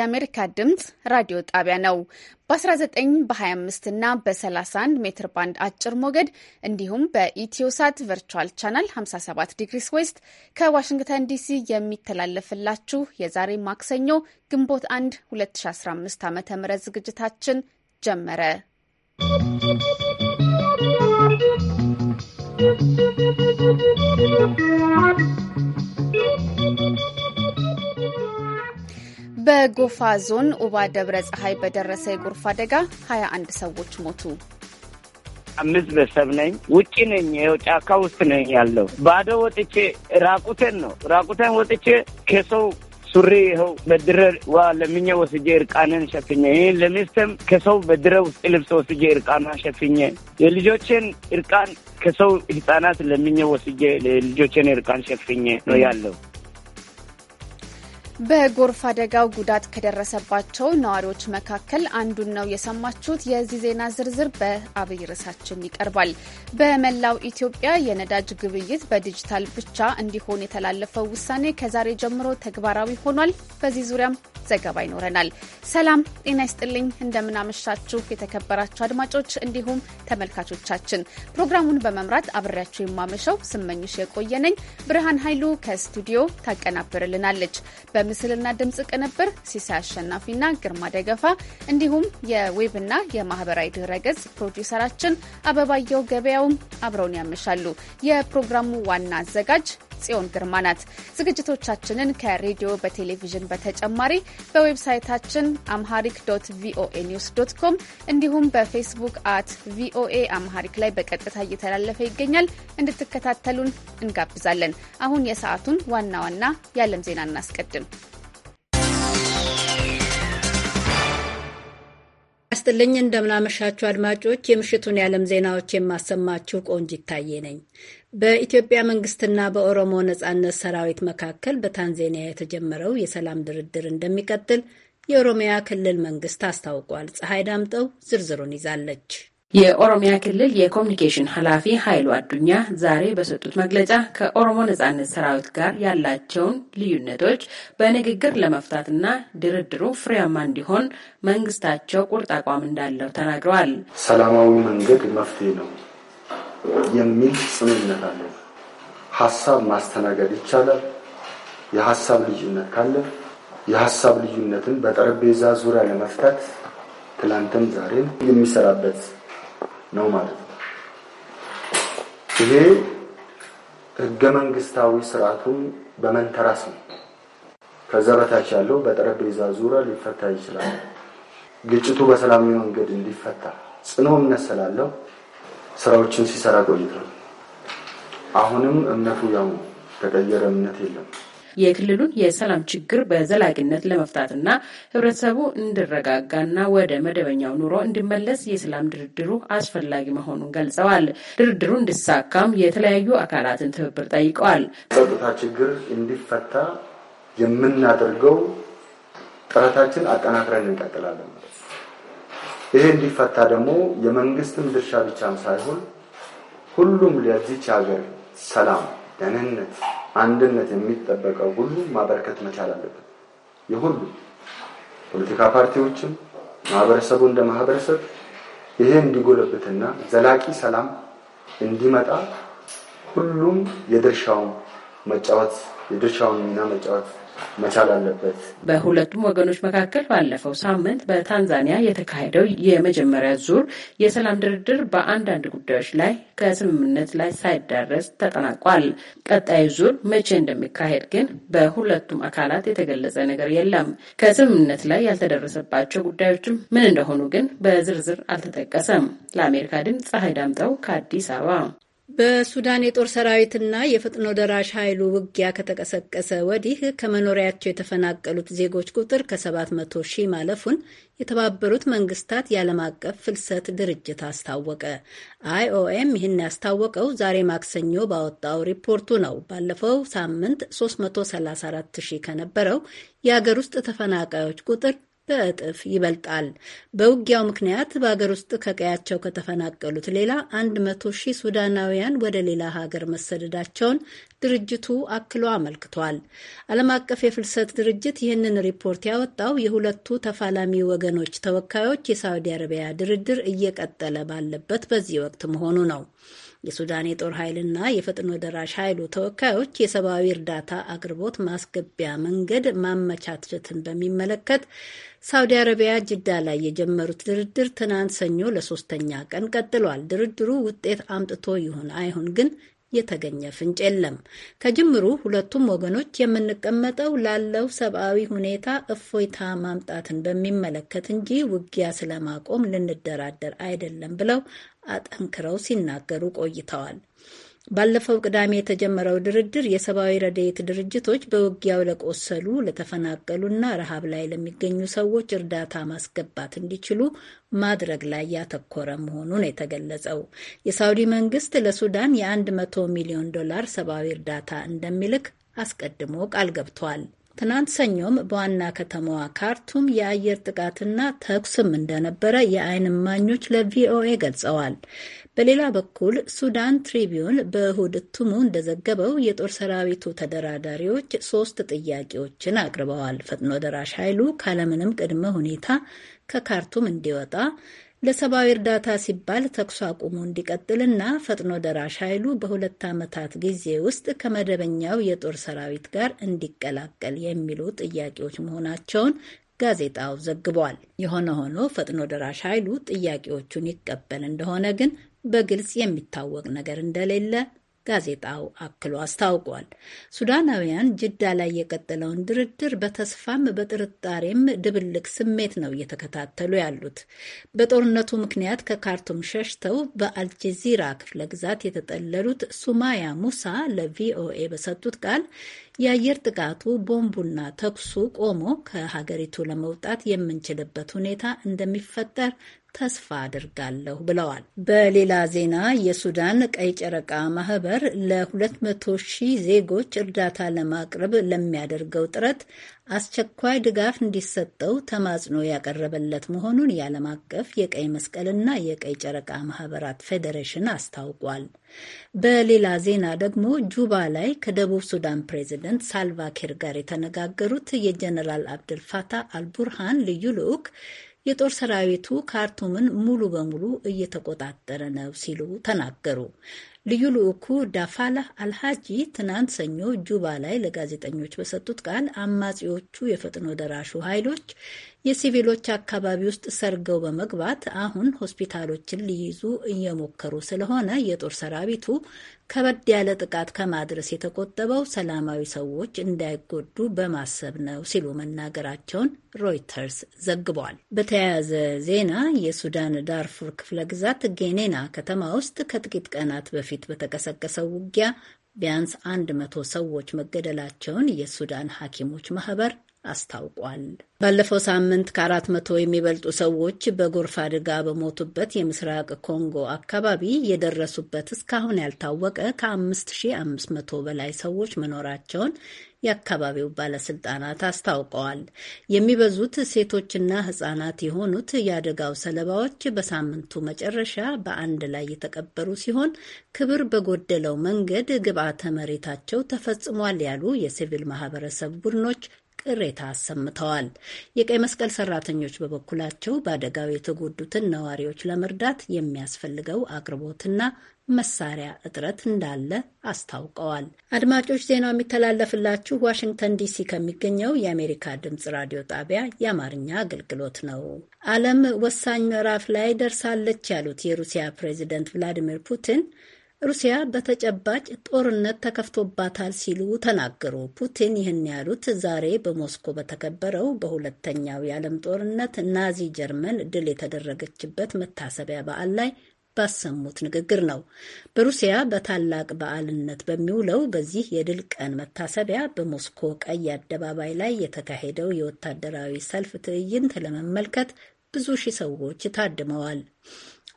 የአሜሪካ ድምፅ ራዲዮ ጣቢያ ነው። በ19 በ25 እና በ31 ሜትር ባንድ አጭር ሞገድ እንዲሁም በኢትዮሳት ቨርቹዋል ቻናል 57 ዲግሪስ ዌስት ከዋሽንግተን ዲሲ የሚተላለፍላችሁ የዛሬ ማክሰኞ ግንቦት 1 2015 ዓ ም ዝግጅታችን ጀመረ። ¶¶ በጎፋ ዞን ኡባ ደብረ ፀሐይ በደረሰ የጎርፍ አደጋ 21 ሰዎች ሞቱ። አምስት ቤተሰብ ነኝ። ውጭ ነኝ፣ ይኸው ጫካ ውስጥ ነኝ ያለው ባዶ ወጥቼ ራቁቴን ነው ራቁቴን ወጥቼ ከሰው ሱሪ ይኸው በድረ ዋ ለምኛ ወስጄ እርቃንን ሸፍኘ ይህ ለሚስትም ከሰው በድረ ውስጥ ልብስ ወስጄ እርቃኗን ሸፍኘ የልጆችን እርቃን ከሰው ህፃናት ለምኛ ወስጄ ልጆችን እርቃን ሸፍኘ ነው ያለው። በጎርፍ አደጋው ጉዳት ከደረሰባቸው ነዋሪዎች መካከል አንዱን ነው የሰማችሁት። የዚህ ዜና ዝርዝር በአብይ ርዕሳችን ይቀርባል። በመላው ኢትዮጵያ የነዳጅ ግብይት በዲጂታል ብቻ እንዲሆን የተላለፈው ውሳኔ ከዛሬ ጀምሮ ተግባራዊ ሆኗል። በዚህ ዙሪያም ዘገባ ይኖረናል። ሰላም ጤና ይስጥልኝ። እንደምናመሻችሁ የተከበራችሁ አድማጮች እንዲሁም ተመልካቾቻችን፣ ፕሮግራሙን በመምራት አብሬያችሁ የማመሸው ስመኝሽ የቆየነኝ ብርሃን ኃይሉ ከስቱዲዮ ታቀናብርልናለች። የምስልና ድምፅ ቅንብር ሲሳይ አሸናፊና ግርማ ደገፋ እንዲሁም የዌብና የማህበራዊ ድረገጽ ፕሮዲሰራችን ፕሮዲውሰራችን አበባየው ገበያውም አብረውን ያመሻሉ። የፕሮግራሙ ዋና አዘጋጅ ጽዮን ግርማ ናት። ዝግጅቶቻችንን ከሬዲዮ በቴሌቪዥን በተጨማሪ በዌብሳይታችን አምሃሪክ ዶት ቪኦኤ ኒውስ ዶት ኮም እንዲሁም በፌስቡክ አት ቪኦኤ አምሃሪክ ላይ በቀጥታ እየተላለፈ ይገኛል። እንድትከታተሉን እንጋብዛለን። አሁን የሰዓቱን ዋና ዋና የዓለም ዜና እናስቀድም። ያስጥልኝ እንደምናመሻችሁ አድማጮች፣ የምሽቱን የዓለም ዜናዎች የማሰማችሁ ቆንጅ ይታየ ነኝ። በኢትዮጵያ መንግስትና በኦሮሞ ነጻነት ሰራዊት መካከል በታንዛኒያ የተጀመረው የሰላም ድርድር እንደሚቀጥል የኦሮሚያ ክልል መንግስት አስታውቋል። ፀሐይ ዳምጠው ዝርዝሩን ይዛለች። የኦሮሚያ ክልል የኮሚኒኬሽን ኃላፊ ኃይሉ አዱኛ ዛሬ በሰጡት መግለጫ ከኦሮሞ ነጻነት ሰራዊት ጋር ያላቸውን ልዩነቶች በንግግር ለመፍታትና ድርድሩ ፍሬያማ እንዲሆን መንግስታቸው ቁርጥ አቋም እንዳለው ተናግረዋል። ሰላማዊ መንገድ መፍትሄ ነው የሚል ጽኑ አለ። ሀሳብ ማስተናገድ ይቻላል። የሀሳብ ልዩነት ካለ የሀሳብ ልዩነትን በጠረጴዛ ዙሪያ ለመፍታት ትላንትም ዛሬም የሚሰራበት ነው ማለት ነው። ይሄ ህገ መንግስታዊ ስርዓቱን በመንተራስ ነው። ከዛ በታች ያለው በጠረጴዛ ዙሪያ ሊፈታ ይችላል። ግጭቱ በሰላማዊ መንገድ እንዲፈታ ጽኑ እምነት ስላለው ስራዎችን ሲሰራ ቆይቷል። አሁንም እምነቱ ያው ተቀየረ እምነት የለም። የክልሉን የሰላም ችግር በዘላቂነት ለመፍታትና ህብረተሰቡ እንዲረጋጋና ወደ መደበኛው ኑሮ እንዲመለስ የሰላም ድርድሩ አስፈላጊ መሆኑን ገልጸዋል። ድርድሩ እንዲሳካም የተለያዩ አካላትን ትብብር ጠይቀዋል። ጸጥታ ችግር እንዲፈታ የምናደርገው ጥረታችን አጠናክረን እንቀጥላለን። ይሄ እንዲፈታ ደግሞ የመንግስትም ድርሻ ብቻም ሳይሆን ሁሉም ለዚች ሀገር ሰላም፣ ደህንነት፣ አንድነት የሚጠበቀው ሁሉም ማበረከት መቻል አለበት። የሁሉም ፖለቲካ ፓርቲዎችም ማህበረሰቡ እንደ ማህበረሰብ ይሄ እንዲጎለብትና ዘላቂ ሰላም እንዲመጣ ሁሉም የድርሻውን መጫወት የድርሻውን ሚና መጫወት መቻል አለበት። በሁለቱም ወገኖች መካከል ባለፈው ሳምንት በታንዛኒያ የተካሄደው የመጀመሪያ ዙር የሰላም ድርድር በአንዳንድ ጉዳዮች ላይ ከስምምነት ላይ ሳይዳረስ ተጠናቋል። ቀጣዩ ዙር መቼ እንደሚካሄድ ግን በሁለቱም አካላት የተገለጸ ነገር የለም። ከስምምነት ላይ ያልተደረሰባቸው ጉዳዮችም ምን እንደሆኑ ግን በዝርዝር አልተጠቀሰም። ለአሜሪካ ድምፅ ፀሐይ ዳምጠው ከአዲስ አበባ በሱዳን የጦር ሰራዊትና የፈጥኖ ደራሽ ኃይሉ ውጊያ ከተቀሰቀሰ ወዲህ ከመኖሪያቸው የተፈናቀሉት ዜጎች ቁጥር ከ700 ሺህ ማለፉን የተባበሩት መንግስታት የዓለም አቀፍ ፍልሰት ድርጅት አስታወቀ። አይኦኤም ይህን ያስታወቀው ዛሬ ማክሰኞ ባወጣው ሪፖርቱ ነው። ባለፈው ሳምንት 334 ሺህ ከነበረው የአገር ውስጥ ተፈናቃዮች ቁጥር በእጥፍ ይበልጣል። በውጊያው ምክንያት በአገር ውስጥ ከቀያቸው ከተፈናቀሉት ሌላ 100 ሺህ ሱዳናውያን ወደ ሌላ ሀገር መሰደዳቸውን ድርጅቱ አክሎ አመልክቷል። ዓለም አቀፍ የፍልሰት ድርጅት ይህንን ሪፖርት ያወጣው የሁለቱ ተፋላሚ ወገኖች ተወካዮች የሳውዲ አረቢያ ድርድር እየቀጠለ ባለበት በዚህ ወቅት መሆኑ ነው። የሱዳን የጦር ኃይልና የፈጥኖ ደራሽ ኃይሉ ተወካዮች የሰብአዊ እርዳታ አቅርቦት ማስገቢያ መንገድ ማመቻቸትን በሚመለከት ሳውዲ አረቢያ ጅዳ ላይ የጀመሩት ድርድር ትናንት ሰኞ ለሶስተኛ ቀን ቀጥሏል። ድርድሩ ውጤት አምጥቶ ይሁን አይሁን ግን የተገኘ ፍንጭ የለም። ከጅምሩ ሁለቱም ወገኖች የምንቀመጠው ላለው ሰብአዊ ሁኔታ እፎይታ ማምጣትን በሚመለከት እንጂ ውጊያ ስለማቆም ልንደራደር አይደለም ብለው አጠንክረው ሲናገሩ ቆይተዋል። ባለፈው ቅዳሜ የተጀመረው ድርድር የሰብአዊ ረድኤት ድርጅቶች በውጊያው ለቆሰሉ ለተፈናቀሉና ረሃብ ላይ ለሚገኙ ሰዎች እርዳታ ማስገባት እንዲችሉ ማድረግ ላይ ያተኮረ መሆኑን የተገለጸው የሳውዲ መንግስት ለሱዳን የ100 ሚሊዮን ዶላር ሰብአዊ እርዳታ እንደሚልክ አስቀድሞ ቃል ገብቷል። ትናንት ሰኞም በዋና ከተማዋ ካርቱም የአየር ጥቃትና ተኩስም እንደነበረ የአይን እማኞች ለቪኦኤ ገልጸዋል። በሌላ በኩል ሱዳን ትሪቢዩን በእሁድ እትሙ እንደዘገበው የጦር ሰራዊቱ ተደራዳሪዎች ሶስት ጥያቄዎችን አቅርበዋል። ፈጥኖ ደራሽ ኃይሉ ካለምንም ቅድመ ሁኔታ ከካርቱም እንዲወጣ ለሰብአዊ እርዳታ ሲባል ተኩስ አቁሙ እንዲቀጥልና ፈጥኖ ደራሽ ኃይሉ በሁለት ዓመታት ጊዜ ውስጥ ከመደበኛው የጦር ሰራዊት ጋር እንዲቀላቀል የሚሉ ጥያቄዎች መሆናቸውን ጋዜጣው ዘግቧል። የሆነ ሆኖ ፈጥኖ ደራሽ ኃይሉ ጥያቄዎቹን ይቀበል እንደሆነ ግን በግልጽ የሚታወቅ ነገር እንደሌለ ጋዜጣው አክሎ አስታውቋል። ሱዳናውያን ጅዳ ላይ የቀጠለውን ድርድር በተስፋም በጥርጣሬም ድብልቅ ስሜት ነው እየተከታተሉ ያሉት። በጦርነቱ ምክንያት ከካርቱም ሸሽተው በአልጀዚራ ክፍለ ግዛት የተጠለሉት ሱማያ ሙሳ ለቪኦኤ በሰጡት ቃል የአየር ጥቃቱ፣ ቦምቡና ተኩሱ ቆሞ ከሀገሪቱ ለመውጣት የምንችልበት ሁኔታ እንደሚፈጠር ተስፋ አድርጋለሁ ብለዋል። በሌላ ዜና የሱዳን ቀይ ጨረቃ ማህበር ለ200 ሺህ ዜጎች እርዳታ ለማቅረብ ለሚያደርገው ጥረት አስቸኳይ ድጋፍ እንዲሰጠው ተማጽኖ ያቀረበለት መሆኑን የዓለም አቀፍ የቀይ መስቀልና የቀይ ጨረቃ ማህበራት ፌዴሬሽን አስታውቋል። በሌላ ዜና ደግሞ ጁባ ላይ ከደቡብ ሱዳን ፕሬዚደንት ሳልቫኪር ጋር የተነጋገሩት የጀነራል አብደልፋታ አልቡርሃን ልዩ ልዑክ የጦር ሰራዊቱ ካርቱምን ሙሉ በሙሉ እየተቆጣጠረ ነው ሲሉ ተናገሩ። ልዩ ልዑኩ ዳፋላህ አልሃጂ ትናንት ሰኞ ጁባ ላይ ለጋዜጠኞች በሰጡት ቃል አማጺዎቹ የፈጥኖ ደራሹ ኃይሎች የሲቪሎች አካባቢ ውስጥ ሰርገው በመግባት አሁን ሆስፒታሎችን ሊይዙ እየሞከሩ ስለሆነ የጦር ሰራዊቱ ከበድ ያለ ጥቃት ከማድረስ የተቆጠበው ሰላማዊ ሰዎች እንዳይጎዱ በማሰብ ነው ሲሉ መናገራቸውን ሮይተርስ ዘግቧል። በተያያዘ ዜና የሱዳን ዳርፉር ክፍለ ግዛት ጌኔና ከተማ ውስጥ ከጥቂት ቀናት በፊት በተቀሰቀሰው ውጊያ ቢያንስ አንድ መቶ ሰዎች መገደላቸውን የሱዳን ሐኪሞች ማህበር አስታውቋል። ባለፈው ሳምንት ከአራት መቶ የሚበልጡ ሰዎች በጎርፍ አደጋ በሞቱበት የምስራቅ ኮንጎ አካባቢ የደረሱበት እስካሁን ያልታወቀ ከ5500 በላይ ሰዎች መኖራቸውን የአካባቢው ባለስልጣናት አስታውቀዋል። የሚበዙት ሴቶችና ህጻናት የሆኑት የአደጋው ሰለባዎች በሳምንቱ መጨረሻ በአንድ ላይ የተቀበሩ ሲሆን ክብር በጎደለው መንገድ ግብዓተ መሬታቸው ተፈጽሟል ያሉ የሲቪል ማህበረሰብ ቡድኖች ቅሬታ አሰምተዋል። የቀይ መስቀል ሰራተኞች በበኩላቸው በአደጋው የተጎዱትን ነዋሪዎች ለመርዳት የሚያስፈልገው አቅርቦትና መሳሪያ እጥረት እንዳለ አስታውቀዋል። አድማጮች ዜናው የሚተላለፍላችሁ ዋሽንግተን ዲሲ ከሚገኘው የአሜሪካ ድምጽ ራዲዮ ጣቢያ የአማርኛ አገልግሎት ነው። ዓለም ወሳኝ ምዕራፍ ላይ ደርሳለች ያሉት የሩሲያ ፕሬዚደንት ቭላዲሚር ፑቲን ሩሲያ በተጨባጭ ጦርነት ተከፍቶባታል ሲሉ ተናገሩ። ፑቲን ይህን ያሉት ዛሬ በሞስኮ በተከበረው በሁለተኛው የዓለም ጦርነት ናዚ ጀርመን ድል የተደረገችበት መታሰቢያ በዓል ላይ ባሰሙት ንግግር ነው። በሩሲያ በታላቅ በዓልነት በሚውለው በዚህ የድል ቀን መታሰቢያ በሞስኮ ቀይ አደባባይ ላይ የተካሄደው የወታደራዊ ሰልፍ ትዕይንት ለመመልከት ብዙ ሺህ ሰዎች ታድመዋል።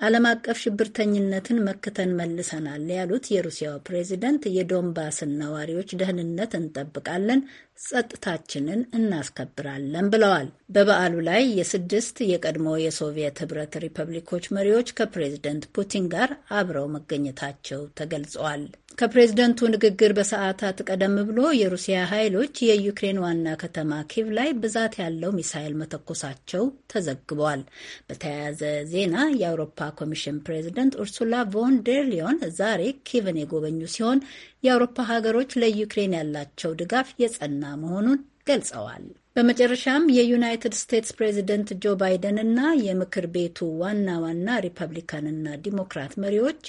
ዓለም አቀፍ ሽብርተኝነትን መክተን መልሰናል ያሉት የሩሲያው ፕሬዚደንት የዶንባስን ነዋሪዎች ደህንነት እንጠብቃለን፣ ጸጥታችንን እናስከብራለን ብለዋል። በበዓሉ ላይ የስድስት የቀድሞ የሶቪየት ህብረት ሪፐብሊኮች መሪዎች ከፕሬዝደንት ፑቲን ጋር አብረው መገኘታቸው ተገልጿል። ከፕሬዝደንቱ ንግግር በሰዓታት ቀደም ብሎ የሩሲያ ኃይሎች የዩክሬን ዋና ከተማ ኪቭ ላይ ብዛት ያለው ሚሳይል መተኮሳቸው ተዘግቧል። በተያያዘ ዜና የአውሮፓ ኮሚሽን ፕሬዝደንት ኡርሱላ ቮን ዴር ሊዮን ዛሬ ኪቭን የጎበኙ ሲሆን የአውሮፓ ሀገሮች ለዩክሬን ያላቸው ድጋፍ የጸና መሆኑን ገልጸዋል። በመጨረሻም የዩናይትድ ስቴትስ ፕሬዚደንት ጆ ባይደን እና የምክር ቤቱ ዋና ዋና ሪፐብሊካንና ዲሞክራት መሪዎች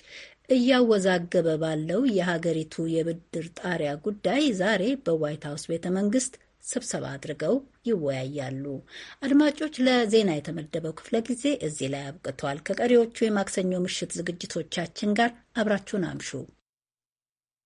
እያወዛገበ ባለው የሀገሪቱ የብድር ጣሪያ ጉዳይ ዛሬ በዋይት ሀውስ ቤተ መንግስት ስብሰባ አድርገው ይወያያሉ። አድማጮች፣ ለዜና የተመደበው ክፍለ ጊዜ እዚህ ላይ አብቅቷል። ከቀሪዎቹ የማክሰኞ ምሽት ዝግጅቶቻችን ጋር አብራችሁን አምሹ።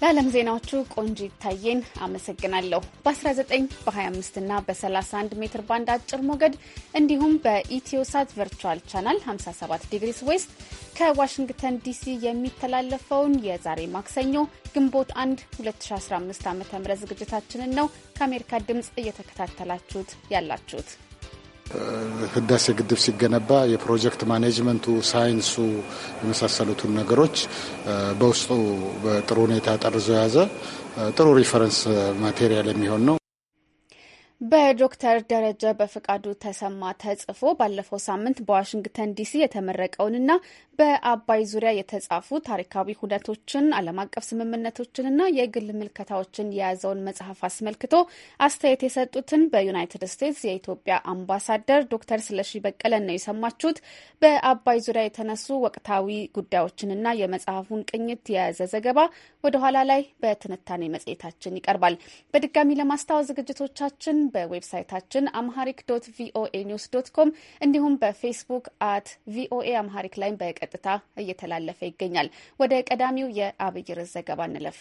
ለዓለም ዜናዎቹ ቆንጂ ይታየን አመሰግናለሁ። በ19 በ25 እና በ31 ሜትር ባንድ አጭር ሞገድ እንዲሁም በኢትዮሳት ቨርቹዋል ቻናል 57 ዲግሪስ ዌስት ከዋሽንግተን ዲሲ የሚተላለፈውን የዛሬ ማክሰኞ ግንቦት 1 2015 ዓ ም ዝግጅታችንን ነው ከአሜሪካ ድምፅ እየተከታተላችሁት ያላችሁት። ህዳሴ ግድብ ሲገነባ የፕሮጀክት ማኔጅመንቱ፣ ሳይንሱ የመሳሰሉትን ነገሮች በውስጡ በጥሩ ሁኔታ ጠርዞ የያዘ ጥሩ ሪፈረንስ ማቴሪያል የሚሆን ነው። በዶክተር ደረጀ በፍቃዱ ተሰማ ተጽፎ ባለፈው ሳምንት በዋሽንግተን ዲሲ የተመረቀውንና በአባይ ዙሪያ የተጻፉ ታሪካዊ ሁነቶችን ዓለም አቀፍ ስምምነቶችንና የግል ምልከታዎችን የያዘውን መጽሐፍ አስመልክቶ አስተያየት የሰጡትን በዩናይትድ ስቴትስ የኢትዮጵያ አምባሳደር ዶክተር ስለሺ በቀለ ነው የሰማችሁት። በአባይ ዙሪያ የተነሱ ወቅታዊ ጉዳዮችንና የመጽሐፉን ቅኝት የያዘ ዘገባ ወደ ኋላ ላይ በትንታኔ መጽሔታችን ይቀርባል። በድጋሚ ለማስታወስ ዝግጅቶቻችን በዌብሳይታችን አምሃሪክ ዶት ቪኦኤ ኒውስ ዶት ኮም እንዲሁም በፌስቡክ አት ቪኦኤ አምሃሪክ ላይ በቀ በቀጥታ እየተላለፈ ይገኛል። ወደ ቀዳሚው የአብይ ርዕስ ዘገባ እንለፍ።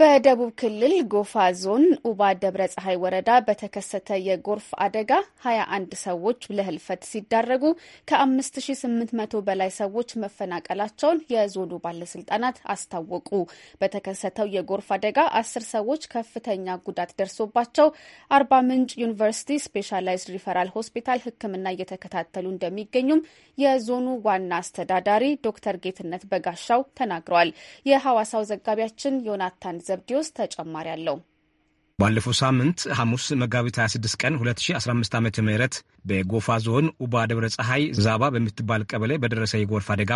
በደቡብ ክልል ጎፋ ዞን ኡባ ደብረ ፀሐይ ወረዳ በተከሰተ የጎርፍ አደጋ 21 ሰዎች ለህልፈት ሲዳረጉ ከ5800 በላይ ሰዎች መፈናቀላቸውን የዞኑ ባለስልጣናት አስታወቁ። በተከሰተው የጎርፍ አደጋ 10 ሰዎች ከፍተኛ ጉዳት ደርሶባቸው አርባ ምንጭ ዩኒቨርሲቲ ስፔሻላይዝድ ሪፈራል ሆስፒታል ሕክምና እየተከታተሉ እንደሚገኙም የዞኑ ዋና አስተዳዳሪ ዶክተር ጌትነት በጋሻው ተናግረዋል። የሐዋሳው ዘጋቢያችን ዮናታን ዘብዲዎስ ተጨማሪ አለው። ባለፈው ሳምንት ሐሙስ መጋቢት 26 ቀን 2015 ዓ ም በጎፋ ዞን ኡባ ደብረ ፀሐይ ዛባ በምትባል ቀበሌ በደረሰ የጎርፍ አደጋ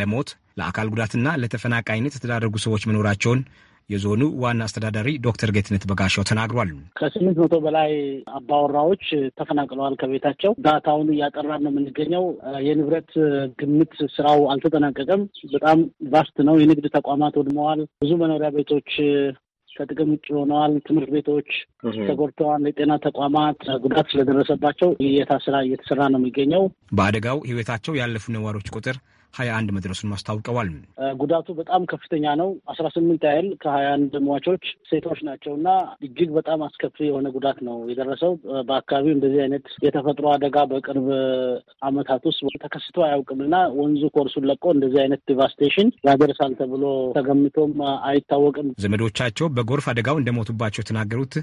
ለሞት ለአካል ጉዳትና ለተፈናቃይነት የተዳረጉ ሰዎች መኖራቸውን የዞኑ ዋና አስተዳዳሪ ዶክተር ጌትነት በጋሻው ተናግሯል። ከስምንት መቶ በላይ አባወራዎች ተፈናቅለዋል ከቤታቸው። ዳታውን እያጠራን ነው የምንገኘው። የንብረት ግምት ስራው አልተጠናቀቀም። በጣም ቫስት ነው። የንግድ ተቋማት ወድመዋል። ብዙ መኖሪያ ቤቶች ከጥቅም ውጭ ሆነዋል። ትምህርት ቤቶች ተጎድተዋል። የጤና ተቋማት ጉዳት ስለደረሰባቸው የታ ስራ እየተሰራ ነው የሚገኘው። በአደጋው ህይወታቸው ያለፉ ነዋሪዎች ቁጥር ሀያ አንድ መድረሱን ማስታውቀዋል ጉዳቱ በጣም ከፍተኛ ነው። አስራ ስምንት ያህል ከሀያ አንድ ሟቾች ሴቶች ናቸው እና እጅግ በጣም አስከፊ የሆነ ጉዳት ነው የደረሰው። በአካባቢው እንደዚህ አይነት የተፈጥሮ አደጋ በቅርብ አመታት ውስጥ ተከስቶ አያውቅም እና ወንዙ ኮርሱን ለቆ እንደዚህ አይነት ዲቫስቴሽን ያደርሳል ተብሎ ተገምቶም አይታወቅም። ዘመዶቻቸው በጎርፍ አደጋው እንደሞቱባቸው የተናገሩት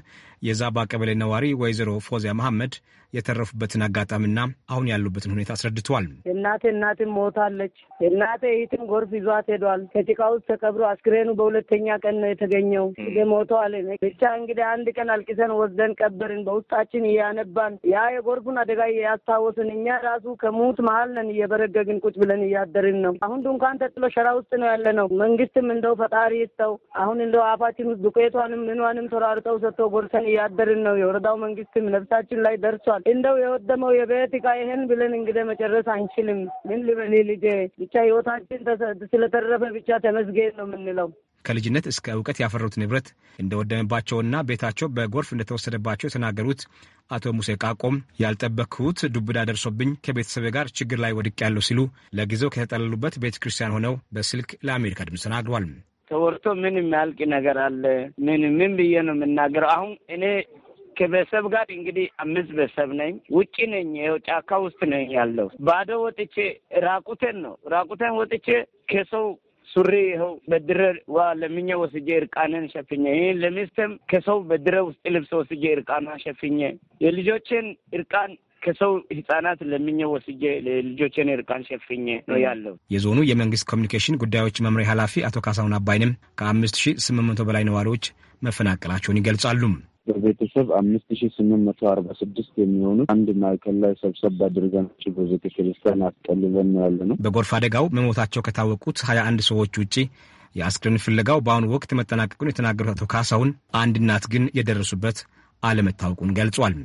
የዛባ ቀበሌ ነዋሪ ወይዘሮ ፎዚያ መሐመድ የተረፉበትን አጋጣሚና አሁን ያሉበትን ሁኔታ አስረድተዋል። እናቴ እናትን ሞታለች። የእናቴ እህትም ጎርፍ ይዟት ሄዷል። ከጭቃ ውስጥ ተቀብሮ አስክሬኑ በሁለተኛ ቀን ነው የተገኘው። ሞተዋል። ብቻ እንግዲህ አንድ ቀን አልቅሰን ወስደን ቀበርን። በውስጣችን እያነባን ያ የጎርፉን አደጋ ያስታወስን እኛ ራሱ ከሙት መሀል ነን እየበረገግን ቁጭ ብለን እያደርን ነው። አሁን ድንኳን ተጥሎ ሸራ ውስጥ ነው ያለ ነው። መንግስትም እንደው ፈጣሪ ይስጠው። አሁን እንደው አፋችን ውስጥ ዱቄቷንም ምኗንም ተሯርጠው ሰጥቶ ጎርሰን እያደርን ነው። የወረዳው መንግስትም ነፍሳችን ላይ ደርሷል። ተደርጓል። እንደው የወደመው የቤት እቃ ይህን ብለን እንግዲህ መጨረስ አንችልም። ምን ልበል ልጄ፣ ብቻ ህይወታችን ስለተረፈ ብቻ ተመስገን ነው የምንለው። ከልጅነት እስከ እውቀት ያፈሩት ንብረት እንደወደመባቸውና ቤታቸው በጎርፍ እንደተወሰደባቸው የተናገሩት አቶ ሙሴ ቃቆም ያልጠበቅሁት ዱብዳ ደርሶብኝ ከቤተሰቤ ጋር ችግር ላይ ወድቅ ያለው ሲሉ ለጊዜው ከተጠለሉበት ቤተ ክርስቲያን ሆነው በስልክ ለአሜሪካ ድምፅ ተናግሯል። ተወርቶ ምን የሚያልቅ ነገር አለ? ምን ምን ብዬ ነው የምናገረው? አሁን እኔ ከቤተሰብ ጋር እንግዲህ አምስት ቤተሰብ ነኝ። ውጭ ነኝ፣ ይኸው ጫካ ውስጥ ነኝ ያለው። ባዶ ወጥቼ ራቁቴን ነው ራቁቴን ወጥቼ ከሰው ሱሪ ይኸው በድረ ዋ ለምኜ ወስጄ እርቃንን ሸፍኜ ይህን ለሚስትም ከሰው በድረ ውስጥ ልብስ ወስጄ እርቃና ሸፍኜ የልጆችን እርቃን ከሰው ህጻናት ለምኜ ወስጄ ለልጆችን እርቃን ሸፍኜ ነው ያለው። የዞኑ የመንግስት ኮሚኒኬሽን ጉዳዮች መምሪያ ኃላፊ አቶ ካሳሁን አባይንም ከአምስት ሺህ ስምንት መቶ በላይ ነዋሪዎች መፈናቀላቸውን ይገልጻሉ። በቤተሰብ አምስት ሺ ስምንት መቶ አርባ ስድስት የሚሆኑ አንድ ማዕከል ላይ ሰብሰብ አድርገናቸው በቤተክርስቲያን አስጠልለን ያለ ነው። በጎርፍ አደጋው መሞታቸው ከታወቁት ሀያ አንድ ሰዎች ውጪ የአስክሬን ፍለጋው በአሁኑ ወቅት መጠናቀቁን የተናገሩት አቶ ካሳሁን አንድ እናት ግን የደረሱበት አለመታወቁን ገልጿል።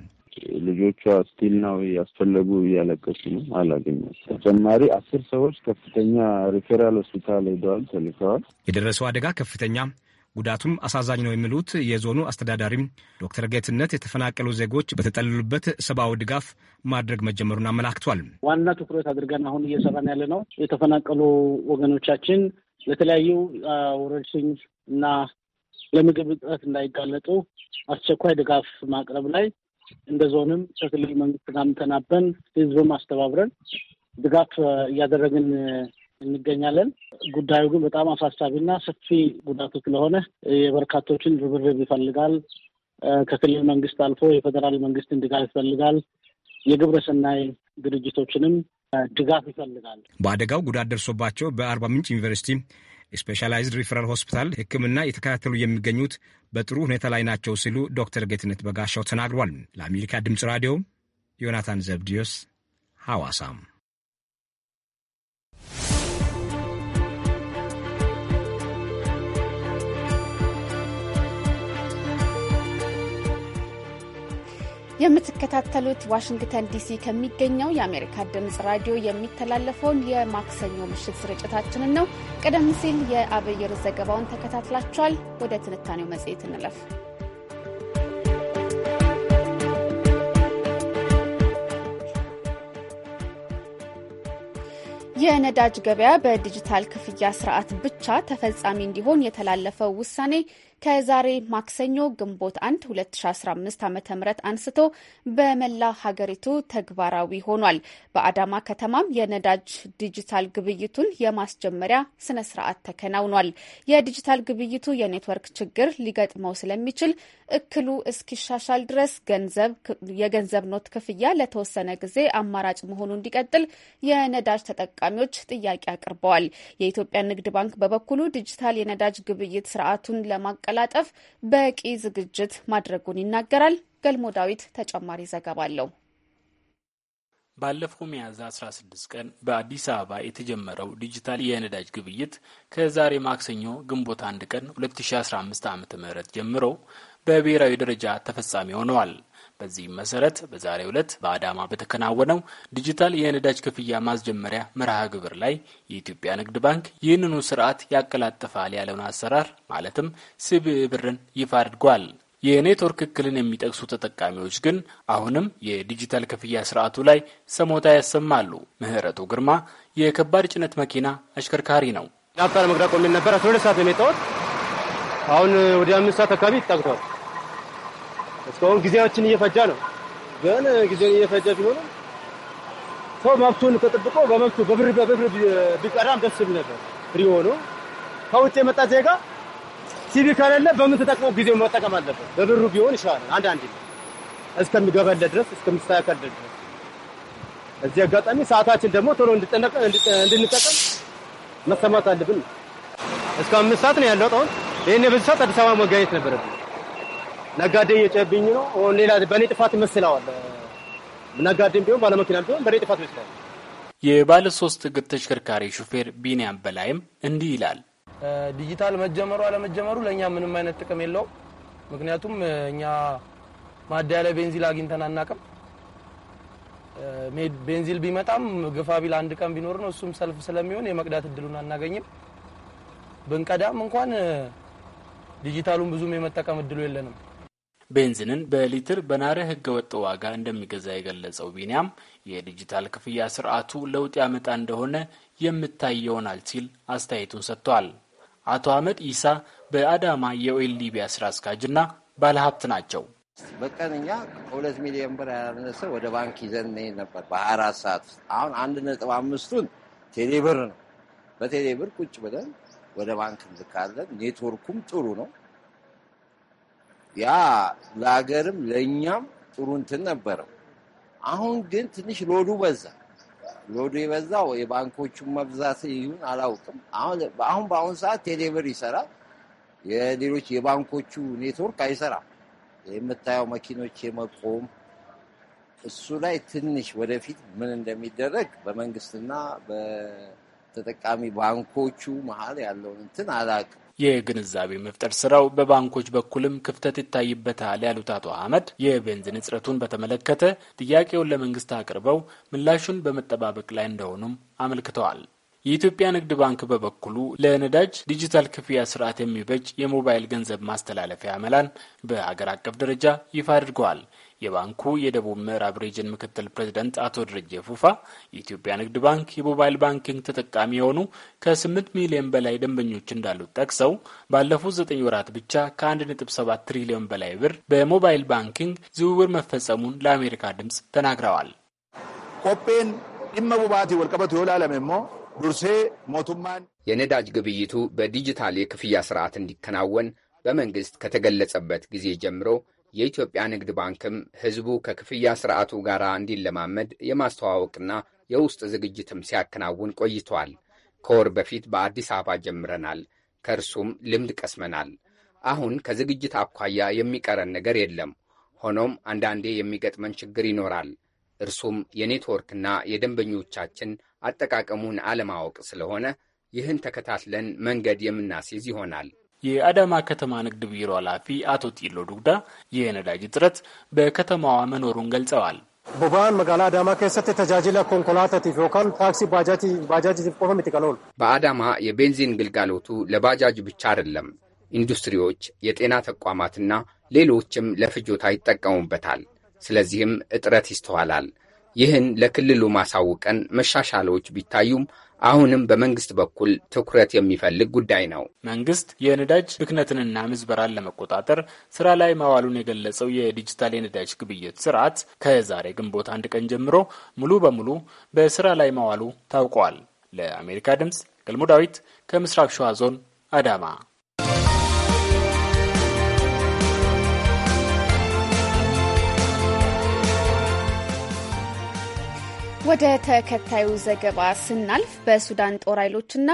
ልጆቿ ስቲል ነው ያስፈለጉ እያለቀሱ ነው። አላገኘሁም። ተጨማሪ አስር ሰዎች ከፍተኛ ሪፌራል ሆስፒታል ሄደዋል፣ ተልከዋል። የደረሰው አደጋ ከፍተኛ ጉዳቱም አሳዛኝ ነው የሚሉት የዞኑ አስተዳዳሪም ዶክተር ጌትነት የተፈናቀሉ ዜጎች በተጠለሉበት ሰብአዊ ድጋፍ ማድረግ መጀመሩን አመላክቷል። ዋና ትኩረት አድርገን አሁን እየሰራን ያለ ነው የተፈናቀሉ ወገኖቻችን ለተለያዩ ወረርሽኝ እና ለምግብ እጥረት እንዳይጋለጡ አስቸኳይ ድጋፍ ማቅረብ ላይ እንደ ዞንም ከክልል መንግስት ጋር ተናበን ህዝብም አስተባብረን ድጋፍ እያደረግን እንገኛለን። ጉዳዩ ግን በጣም አሳሳቢና ሰፊ ጉዳቱ ስለሆነ የበርካቶችን ርብርብ ይፈልጋል። ከክልል መንግስት አልፎ የፌዴራል መንግስትን ድጋፍ ይፈልጋል። የግብረሰናይ ድርጅቶችንም ድጋፍ ይፈልጋል። በአደጋው ጉዳት ደርሶባቸው በአርባ ምንጭ ዩኒቨርሲቲ ስፔሻላይዝድ ሪፈራል ሆስፒታል ሕክምና የተከታተሉ የሚገኙት በጥሩ ሁኔታ ላይ ናቸው ሲሉ ዶክተር ጌትነት በጋሻው ተናግሯል። ለአሜሪካ ድምፅ ራዲዮ ዮናታን ዘብዲዮስ ሐዋሳም የምትከታተሉት ዋሽንግተን ዲሲ ከሚገኘው የአሜሪካ ድምፅ ራዲዮ የሚተላለፈውን የማክሰኞ ምሽት ስርጭታችንን ነው። ቀደም ሲል የአብይር ዘገባውን ተከታትላችኋል። ወደ ትንታኔው መጽሔት እንለፍ። የነዳጅ ገበያ በዲጂታል ክፍያ ስርዓት ብቻ ተፈጻሚ እንዲሆን የተላለፈው ውሳኔ ከዛሬ ማክሰኞ ግንቦት 1 2015 ዓ ም አንስቶ በመላ ሀገሪቱ ተግባራዊ ሆኗል። በአዳማ ከተማም የነዳጅ ዲጂታል ግብይቱን የማስጀመሪያ ስነ ስርዓት ተከናውኗል። የዲጂታል ግብይቱ የኔትወርክ ችግር ሊገጥመው ስለሚችል እክሉ እስኪሻሻል ድረስ የገንዘብ ኖት ክፍያ ለተወሰነ ጊዜ አማራጭ መሆኑ እንዲቀጥል የነዳጅ ተጠቃሚዎች ጥያቄ አቅርበዋል። የኢትዮጵያ ንግድ ባንክ በበኩሉ ዲጂታል የነዳጅ ግብይት ስርዓቱን ለማቀ ለማቀላጠፍ በቂ ዝግጅት ማድረጉን ይናገራል። ገልሞ ዳዊት ተጨማሪ ዘገባ አለው። ባለፈው ሚያዝያ 16 ቀን በአዲስ አበባ የተጀመረው ዲጂታል የነዳጅ ግብይት ከዛሬ ማክሰኞ ግንቦት 1 ቀን 2015 ዓ.ም ጀምሮ በብሔራዊ ደረጃ ተፈጻሚ ሆነዋል። በዚህም መሰረት በዛሬው ዕለት በአዳማ በተከናወነው ዲጂታል የነዳጅ ክፍያ ማስጀመሪያ መርሃ ግብር ላይ የኢትዮጵያ ንግድ ባንክ ይህንኑ ስርዓት ያቀላጥፋል ያለውን አሰራር ማለትም ሲቢኢ ብርን ይፋ አድርጓል። የኔትወርክ እክልን የሚጠቅሱ ተጠቃሚዎች ግን አሁንም የዲጂታል ክፍያ ስርዓቱ ላይ ሰሞታ ያሰማሉ። ምህረቱ ግርማ የከባድ ጭነት መኪና አሽከርካሪ ነው። ዳብታ ለመግዳ ቆሜ ነበር። አስራ ሁለት ሰዓት የመጣሁት። አሁን ወደ አምስት ሰዓት አካባቢ ይጠቅቷል። እስካሁን ጊዜያችን እየፈጃ ነው። ግን ጊዜን እየፈጀ ቢሆንም ሰው መብቱን ተጠብቆ በመብቱ በብር በብር ቢቀዳም ደስ ይል ነበር። ፍሪ ሆኖ ከውጭ የመጣ ዜጋ ሲቪ ከሌለ በምን ተጠቅሞ ጊዜው መጠቀም አለበት። በብሩ ቢሆን ይሻላል። አንዳንዴ እስከሚገበለ ድረስ እስከሚስተካከል ድረስ እዚህ አጋጣሚ ሰዓታችን ደግሞ ቶሎ እንድንጠቀም መሰማት አለብን። እስከ አምስት ሰዓት ነው ያለው። አሁን ይህን የብዙ ሰዓት አዲስ አበባ መገኘት ነበረብን። ነጋዴ እየጨብኝ ነው። ሌላ በእኔ ጥፋት ይመስለዋል። ነጋዴም ቢሆን ባለመኪናም ቢሆን በእኔ ጥፋት ይመስለዋል። የባለ ሶስት እግር ተሽከርካሪ ሹፌር ቢኒያም በላይም እንዲህ ይላል። ዲጂታል መጀመሩ አለመጀመሩ ለእኛ ምንም አይነት ጥቅም የለውም። ምክንያቱም እኛ ማደያ ላይ ቤንዚል አግኝተን አናቅም። ቤንዚል ቢመጣም ግፋ ቢል አንድ ቀን ቢኖር ነው። እሱም ሰልፍ ስለሚሆን የመቅዳት እድሉን አናገኝም። ብንቀዳም እንኳን ዲጂታሉን ብዙም የመጠቀም እድሉ የለንም። ቤንዚንን በሊትር በናረ ህገወጥ ዋጋ እንደሚገዛ የገለጸው ቢኒያም የዲጂታል ክፍያ ስርዓቱ ለውጥ ያመጣ እንደሆነ የምታይ ይሆናል ሲል አስተያየቱን ሰጥቷል። አቶ አህመድ ኢሳ በአዳማ የኦይል ሊቢያ ስራ አስኪያጅና ባለሀብት ናቸው። በቀን እኛ ከሁለት ሚሊዮን ብር ያነሰ ወደ ባንክ ይዘን እንሄድ ነበር በሀያ አራት ሰዓት አሁን አንድ ነጥብ አምስቱን ቴሌብር ነው። በቴሌብር ቁጭ ብለን ወደ ባንክ እንልካለን። ኔትወርኩም ጥሩ ነው። ያ ለሀገርም ለእኛም ጥሩ እንትን ነበረው። አሁን ግን ትንሽ ሎዱ በዛ። ሎዱ የበዛው የባንኮቹ መብዛት ይሁን አላውቅም። አሁን በአሁኑ ሰዓት ቴሌብር ይሰራል። የሌሎች የባንኮቹ ኔትወርክ አይሰራም። የምታየው መኪኖች የመቆም እሱ ላይ ትንሽ ወደፊት ምን እንደሚደረግ በመንግስትና በተጠቃሚ ባንኮቹ መሀል ያለውን እንትን አላውቅም። የግንዛቤ መፍጠር ስራው በባንኮች በኩልም ክፍተት ይታይበታል ያሉት አቶ አህመድ የቤንዚን እጥረቱን በተመለከተ ጥያቄውን ለመንግስት አቅርበው ምላሹን በመጠባበቅ ላይ እንደሆኑም አመልክተዋል። የኢትዮጵያ ንግድ ባንክ በበኩሉ ለነዳጅ ዲጂታል ክፍያ ስርዓት የሚበጅ የሞባይል ገንዘብ ማስተላለፊያ መላን በሀገር አቀፍ ደረጃ ይፋ አድርገዋል። የባንኩ የደቡብ ምዕራብ ሪጅን ምክትል ፕሬዚደንት አቶ ድርጄ ፉፋ የኢትዮጵያ ንግድ ባንክ የሞባይል ባንኪንግ ተጠቃሚ የሆኑ ከ8 ሚሊዮን በላይ ደንበኞች እንዳሉት ጠቅሰው ባለፉት 9 ወራት ብቻ ከ1.7 ትሪሊዮን በላይ ብር በሞባይል ባንኪንግ ዝውውር መፈጸሙን ለአሜሪካ ድምፅ ተናግረዋል። ቆጴን ድመ ቡባቲ ወልቀበት የወላለም ሞ ዱርሴ ሞቱማን የነዳጅ ግብይቱ በዲጂታል የክፍያ ስርዓት እንዲከናወን በመንግስት ከተገለጸበት ጊዜ ጀምሮ የኢትዮጵያ ንግድ ባንክም ህዝቡ ከክፍያ ስርዓቱ ጋር እንዲለማመድ የማስተዋወቅና የውስጥ ዝግጅትም ሲያከናውን ቆይቷል። ከወር በፊት በአዲስ አበባ ጀምረናል። ከእርሱም ልምድ ቀስመናል። አሁን ከዝግጅት አኳያ የሚቀረን ነገር የለም። ሆኖም አንዳንዴ የሚገጥመን ችግር ይኖራል። እርሱም የኔትወርክና የደንበኞቻችን አጠቃቀሙን አለማወቅ ስለሆነ ይህን ተከታትለን መንገድ የምናስይዝ ይሆናል። የአዳማ ከተማ ንግድ ቢሮ ኃላፊ አቶ ጢሎ ዱጉዳ የነዳጅ እጥረት በከተማዋ መኖሩን ገልጸዋል። ቡባን መጋላ አዳማ ከሰት ተጃጅለ ኮንኮላታቲፍ ፎካል ታክሲ ባጃጅ ቆፈ ምትቀለውን በአዳማ የቤንዚን ግልጋሎቱ ለባጃጅ ብቻ አይደለም። ኢንዱስትሪዎች፣ የጤና ተቋማትና ሌሎችም ለፍጆታ ይጠቀሙበታል። ስለዚህም እጥረት ይስተዋላል። ይህን ለክልሉ ማሳውቀን መሻሻሎች ቢታዩም አሁንም በመንግስት በኩል ትኩረት የሚፈልግ ጉዳይ ነው። መንግስት የነዳጅ ብክነትንና ምዝበራን ለመቆጣጠር ስራ ላይ ማዋሉን የገለጸው የዲጂታል የነዳጅ ግብይት ስርዓት ከዛሬ ግንቦት አንድ ቀን ጀምሮ ሙሉ በሙሉ በስራ ላይ ማዋሉ ታውቋል። ለአሜሪካ ድምፅ ገልሞ ዳዊት ከምስራቅ ሸዋ ዞን አዳማ ወደ ተከታዩ ዘገባ ስናልፍ በሱዳን ጦር ኃይሎችና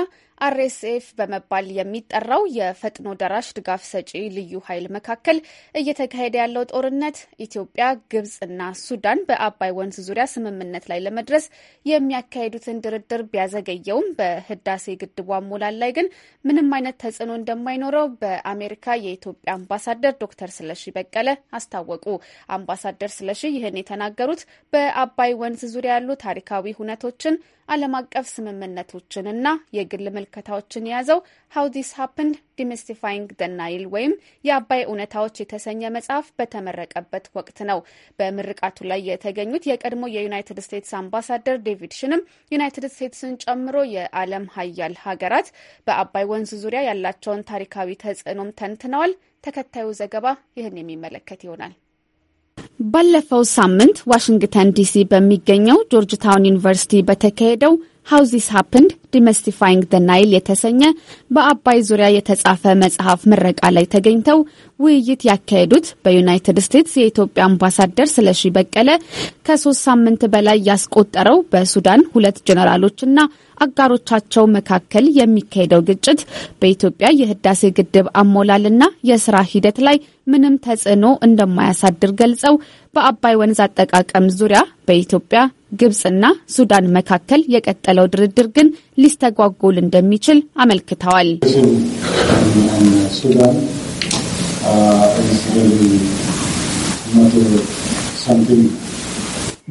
አርኤስኤፍ በመባል የሚጠራው የፈጥኖ ደራሽ ድጋፍ ሰጪ ልዩ ኃይል መካከል እየተካሄደ ያለው ጦርነት ኢትዮጵያ፣ ግብጽና ሱዳን በአባይ ወንዝ ዙሪያ ስምምነት ላይ ለመድረስ የሚያካሄዱትን ድርድር ቢያዘገየውም በህዳሴ ግድቡ አሞላል ላይ ግን ምንም አይነት ተጽዕኖ እንደማይኖረው በአሜሪካ የኢትዮጵያ አምባሳደር ዶክተር ስለሺ በቀለ አስታወቁ። አምባሳደር ስለሺ ይህን የተናገሩት በአባይ ወንዝ ዙሪያ ያሉ ታሪካዊ ሁነቶችን ዓለም አቀፍ ስምምነቶችንና የግል ምልከታዎችን የያዘው ሀው ዲስ ሀፕንድ ዲሚስቲፋይንግ ደ ናይል ወይም የአባይ እውነታዎች የተሰኘ መጽሐፍ በተመረቀበት ወቅት ነው። በምርቃቱ ላይ የተገኙት የቀድሞ የዩናይትድ ስቴትስ አምባሳደር ዴቪድ ሽንም ዩናይትድ ስቴትስን ጨምሮ የዓለም ሀያል ሀገራት በአባይ ወንዝ ዙሪያ ያላቸውን ታሪካዊ ተጽዕኖም ተንትነዋል። ተከታዩ ዘገባ ይህን የሚመለከት ይሆናል። ባለፈው ሳምንት ዋሽንግተን ዲሲ በሚገኘው ጆርጅ ታውን ዩኒቨርሲቲ በተካሄደው ሀው ዚስ ዲመስቲፋይንግ ደ ናይል የተሰኘ በአባይ ዙሪያ የተጻፈ መጽሐፍ ምረቃ ላይ ተገኝተው ውይይት ያካሄዱት በዩናይትድ ስቴትስ የኢትዮጵያ አምባሳደር ስለሺ በቀለ ከሶስት ሳምንት በላይ ያስቆጠረው በሱዳን ሁለት ጀኔራሎችና አጋሮቻቸው መካከል የሚካሄደው ግጭት በኢትዮጵያ የህዳሴ ግድብ አሞላልና የስራ ሂደት ላይ ምንም ተጽዕኖ እንደማያሳድር ገልጸው በአባይ ወንዝ አጠቃቀም ዙሪያ በኢትዮጵያ ግብፅና ሱዳን መካከል የቀጠለው ድርድር ግን ሊስተጓጎል እንደሚችል አመልክተዋል። ሱዳን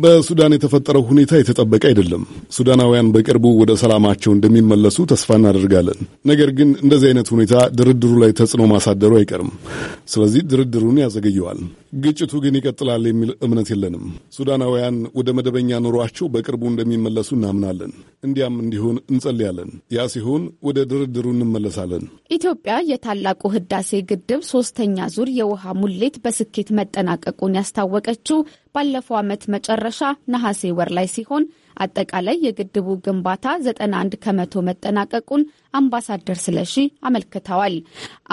በሱዳን የተፈጠረው ሁኔታ የተጠበቀ አይደለም። ሱዳናውያን በቅርቡ ወደ ሰላማቸው እንደሚመለሱ ተስፋ እናደርጋለን። ነገር ግን እንደዚህ አይነት ሁኔታ ድርድሩ ላይ ተጽዕኖ ማሳደሩ አይቀርም። ስለዚህ ድርድሩን ያዘገየዋል። ግጭቱ ግን ይቀጥላል የሚል እምነት የለንም። ሱዳናውያን ወደ መደበኛ ኑሯቸው በቅርቡ እንደሚመለሱ እናምናለን። እንዲያም እንዲሆን እንጸልያለን። ያ ሲሆን ወደ ድርድሩ እንመለሳለን። ኢትዮጵያ የታላቁ ህዳሴ ግድብ ሶስተኛ ዙር የውሃ ሙሌት በስኬት መጠናቀቁን ያስታወቀችው ባለፈው ዓመት መጨረሻ ነሐሴ ወር ላይ ሲሆን አጠቃላይ የግድቡ ግንባታ 91 ከመቶ መጠናቀቁን አምባሳደር ስለሺ አመልክተዋል።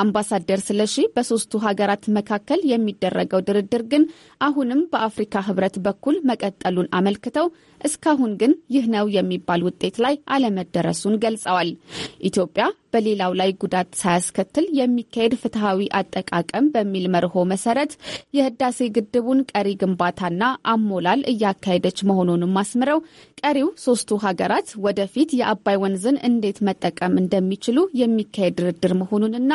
አምባሳደር ስለሺ በሶስቱ ሀገራት መካከል የሚደረገው ድርድር ግን አሁንም በአፍሪካ ህብረት በኩል መቀጠሉን አመልክተው እስካሁን ግን ይህ ነው የሚባል ውጤት ላይ አለመደረሱን ገልጸዋል። ኢትዮጵያ በሌላው ላይ ጉዳት ሳያስከትል የሚካሄድ ፍትሐዊ አጠቃቀም በሚል መርሆ መሰረት የህዳሴ ግድቡን ቀሪ ግንባታና አሞላል እያካሄደች መሆኑንም አስምረው ቀሪው ሶስቱ ሀገራት ወደፊት የአባይ ወንዝን እንዴት መጠቀም እንደሚችሉ የሚካሄድ ድርድር መሆኑንና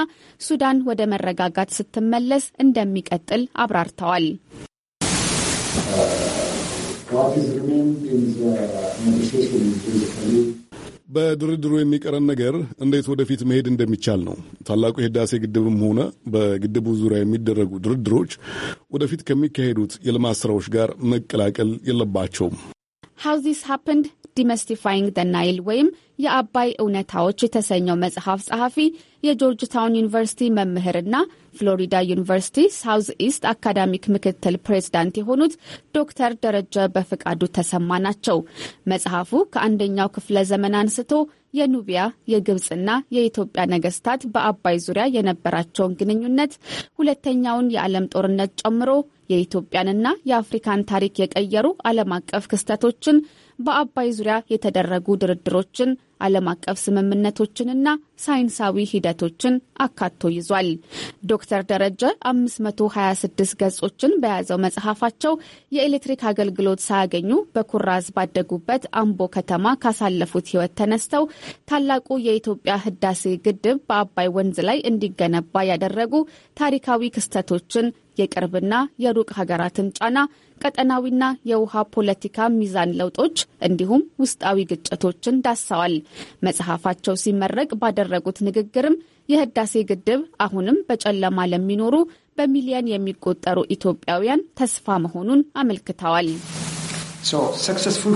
ሱዳን ወደ መረጋጋት ስትመለስ እንደሚቀጥል አብራርተዋል። በድርድሩ የሚቀረን ነገር እንዴት ወደፊት መሄድ እንደሚቻል ነው። ታላቁ የህዳሴ ግድብም ሆነ በግድቡ ዙሪያ የሚደረጉ ድርድሮች ወደፊት ከሚካሄዱት የልማት ስራዎች ጋር መቀላቀል የለባቸውም። ሃው ዚስ ሃፕንድ ዲመስቲፋይንግ ደ ናይል ወይም የአባይ እውነታዎች የተሰኘው መጽሐፍ ጸሐፊ የጆርጅ ታውን ዩኒቨርሲቲ መምህርና ፍሎሪዳ ዩኒቨርሲቲ ሳውዝ ኢስት አካዳሚክ ምክትል ፕሬዝዳንት የሆኑት ዶክተር ደረጀ በፍቃዱ ተሰማ ናቸው። መጽሐፉ ከአንደኛው ክፍለ ዘመን አንስቶ የኑቢያ የግብፅና የኢትዮጵያ ነገስታት በአባይ ዙሪያ የነበራቸውን ግንኙነት ሁለተኛውን የዓለም ጦርነት ጨምሮ የኢትዮጵያንና የአፍሪካን ታሪክ የቀየሩ ዓለም አቀፍ ክስተቶችን በአባይ ዙሪያ የተደረጉ ድርድሮችን ዓለም አቀፍ ስምምነቶችንና ሳይንሳዊ ሂደቶችን አካቶ ይዟል። ዶክተር ደረጀ 526 ገጾችን በያዘው መጽሐፋቸው የኤሌክትሪክ አገልግሎት ሳያገኙ በኩራዝ ባደጉበት አምቦ ከተማ ካሳለፉት ሕይወት ተነስተው ታላቁ የኢትዮጵያ ህዳሴ ግድብ በአባይ ወንዝ ላይ እንዲገነባ ያደረጉ ታሪካዊ ክስተቶችን የቅርብና የሩቅ ሀገራትን ጫና፣ ቀጠናዊና የውሃ ፖለቲካ ሚዛን ለውጦች እንዲሁም ውስጣዊ ግጭቶችን ዳሰዋል። መጽሐፋቸው ሲመረቅ ባደረጉት ንግግርም የህዳሴ ግድብ አሁንም በጨለማ ለሚኖሩ በሚሊየን የሚቆጠሩ ኢትዮጵያውያን ተስፋ መሆኑን አመልክተዋል። So, successful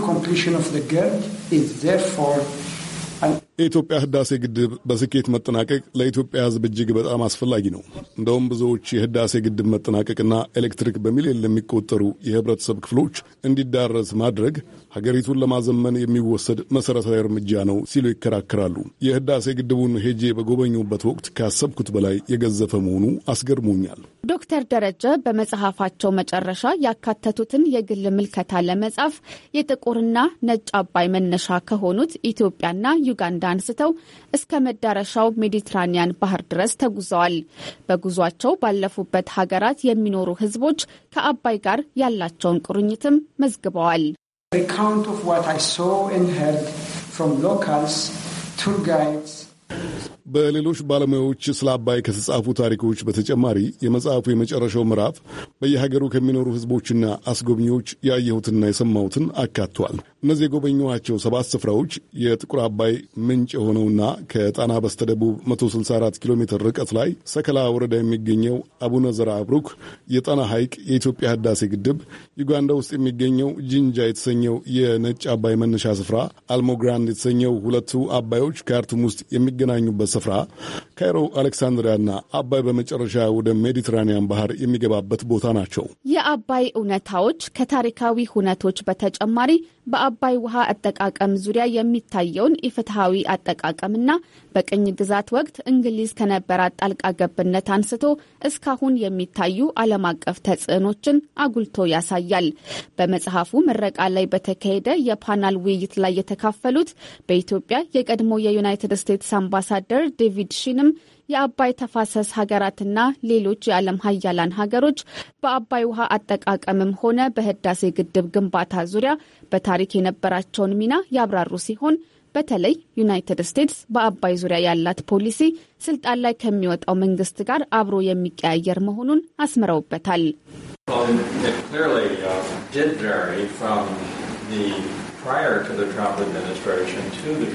የኢትዮጵያ ህዳሴ ግድብ በስኬት መጠናቀቅ ለኢትዮጵያ ህዝብ እጅግ በጣም አስፈላጊ ነው። እንደውም ብዙዎች የህዳሴ ግድብ መጠናቀቅና ኤሌክትሪክ በሚሊዮን ለሚቆጠሩ የህብረተሰብ ክፍሎች እንዲዳረስ ማድረግ ሀገሪቱን ለማዘመን የሚወሰድ መሠረታዊ እርምጃ ነው ሲሉ ይከራከራሉ። የህዳሴ ግድቡን ሄጄ በጎበኙበት ወቅት ካሰብኩት በላይ የገዘፈ መሆኑ አስገርሞኛል። ዶክተር ደረጀ በመጽሐፋቸው መጨረሻ ያካተቱትን የግል ምልከታ ለመጻፍ የጥቁርና ነጭ አባይ መነሻ ከሆኑት ኢትዮጵያና ዩጋንዳ አንስተው እስከ መዳረሻው ሜዲትራኒያን ባህር ድረስ ተጉዘዋል። በጉዟቸው ባለፉበት ሀገራት የሚኖሩ ሕዝቦች ከአባይ ጋር ያላቸውን ቁርኝትም መዝግበዋል። በሌሎች ባለሙያዎች ስለ አባይ ከተጻፉ ታሪኮች በተጨማሪ የመጽሐፉ የመጨረሻው ምዕራፍ በየሀገሩ ከሚኖሩ ህዝቦችና አስጎብኚዎች ያየሁትና የሰማሁትን አካቷል። እነዚህ የጎበኘኋቸው ሰባት ስፍራዎች የጥቁር አባይ ምንጭ የሆነውና ከጣና በስተደቡብ 164 ኪሎ ሜትር ርቀት ላይ ሰከላ ወረዳ የሚገኘው አቡነ ዘራ አብሩክ፣ የጣና ሐይቅ፣ የኢትዮጵያ ህዳሴ ግድብ፣ ዩጋንዳ ውስጥ የሚገኘው ጂንጃ የተሰኘው የነጭ አባይ መነሻ ስፍራ፣ አልሞግራንድ የተሰኘው ሁለቱ አባዮች ካርቱም ውስጥ የሚገናኙበት ስፍራ ካይሮ፣ አሌክሳንድሪያና አባይ በመጨረሻ ወደ ሜዲትራኒያን ባህር የሚገባበት ቦታ ናቸው። የአባይ እውነታዎች ከታሪካዊ ሁነቶች በተጨማሪ በአባይ ውሃ አጠቃቀም ዙሪያ የሚታየውን ኢፍትሐዊ አጠቃቀምና በቅኝ ግዛት ወቅት እንግሊዝ ከነበራት ጣልቃ ገብነት አንስቶ እስካሁን የሚታዩ ዓለም አቀፍ ተጽዕኖችን አጉልቶ ያሳያል። በመጽሐፉ ምረቃ ላይ በተካሄደ የፓናል ውይይት ላይ የተካፈሉት በኢትዮጵያ የቀድሞ የዩናይትድ ስቴትስ አምባሳደር ዴቪድ ሺንም የአባይ ተፋሰስ ሀገራትና ሌሎች የዓለም ሀያላን ሀገሮች በአባይ ውሃ አጠቃቀምም ሆነ በህዳሴ ግድብ ግንባታ ዙሪያ በታሪክ የነበራቸውን ሚና ያብራሩ ሲሆን በተለይ ዩናይትድ ስቴትስ በአባይ ዙሪያ ያላት ፖሊሲ ስልጣን ላይ ከሚወጣው መንግስት ጋር አብሮ የሚቀያየር መሆኑን አስምረውበታል። um,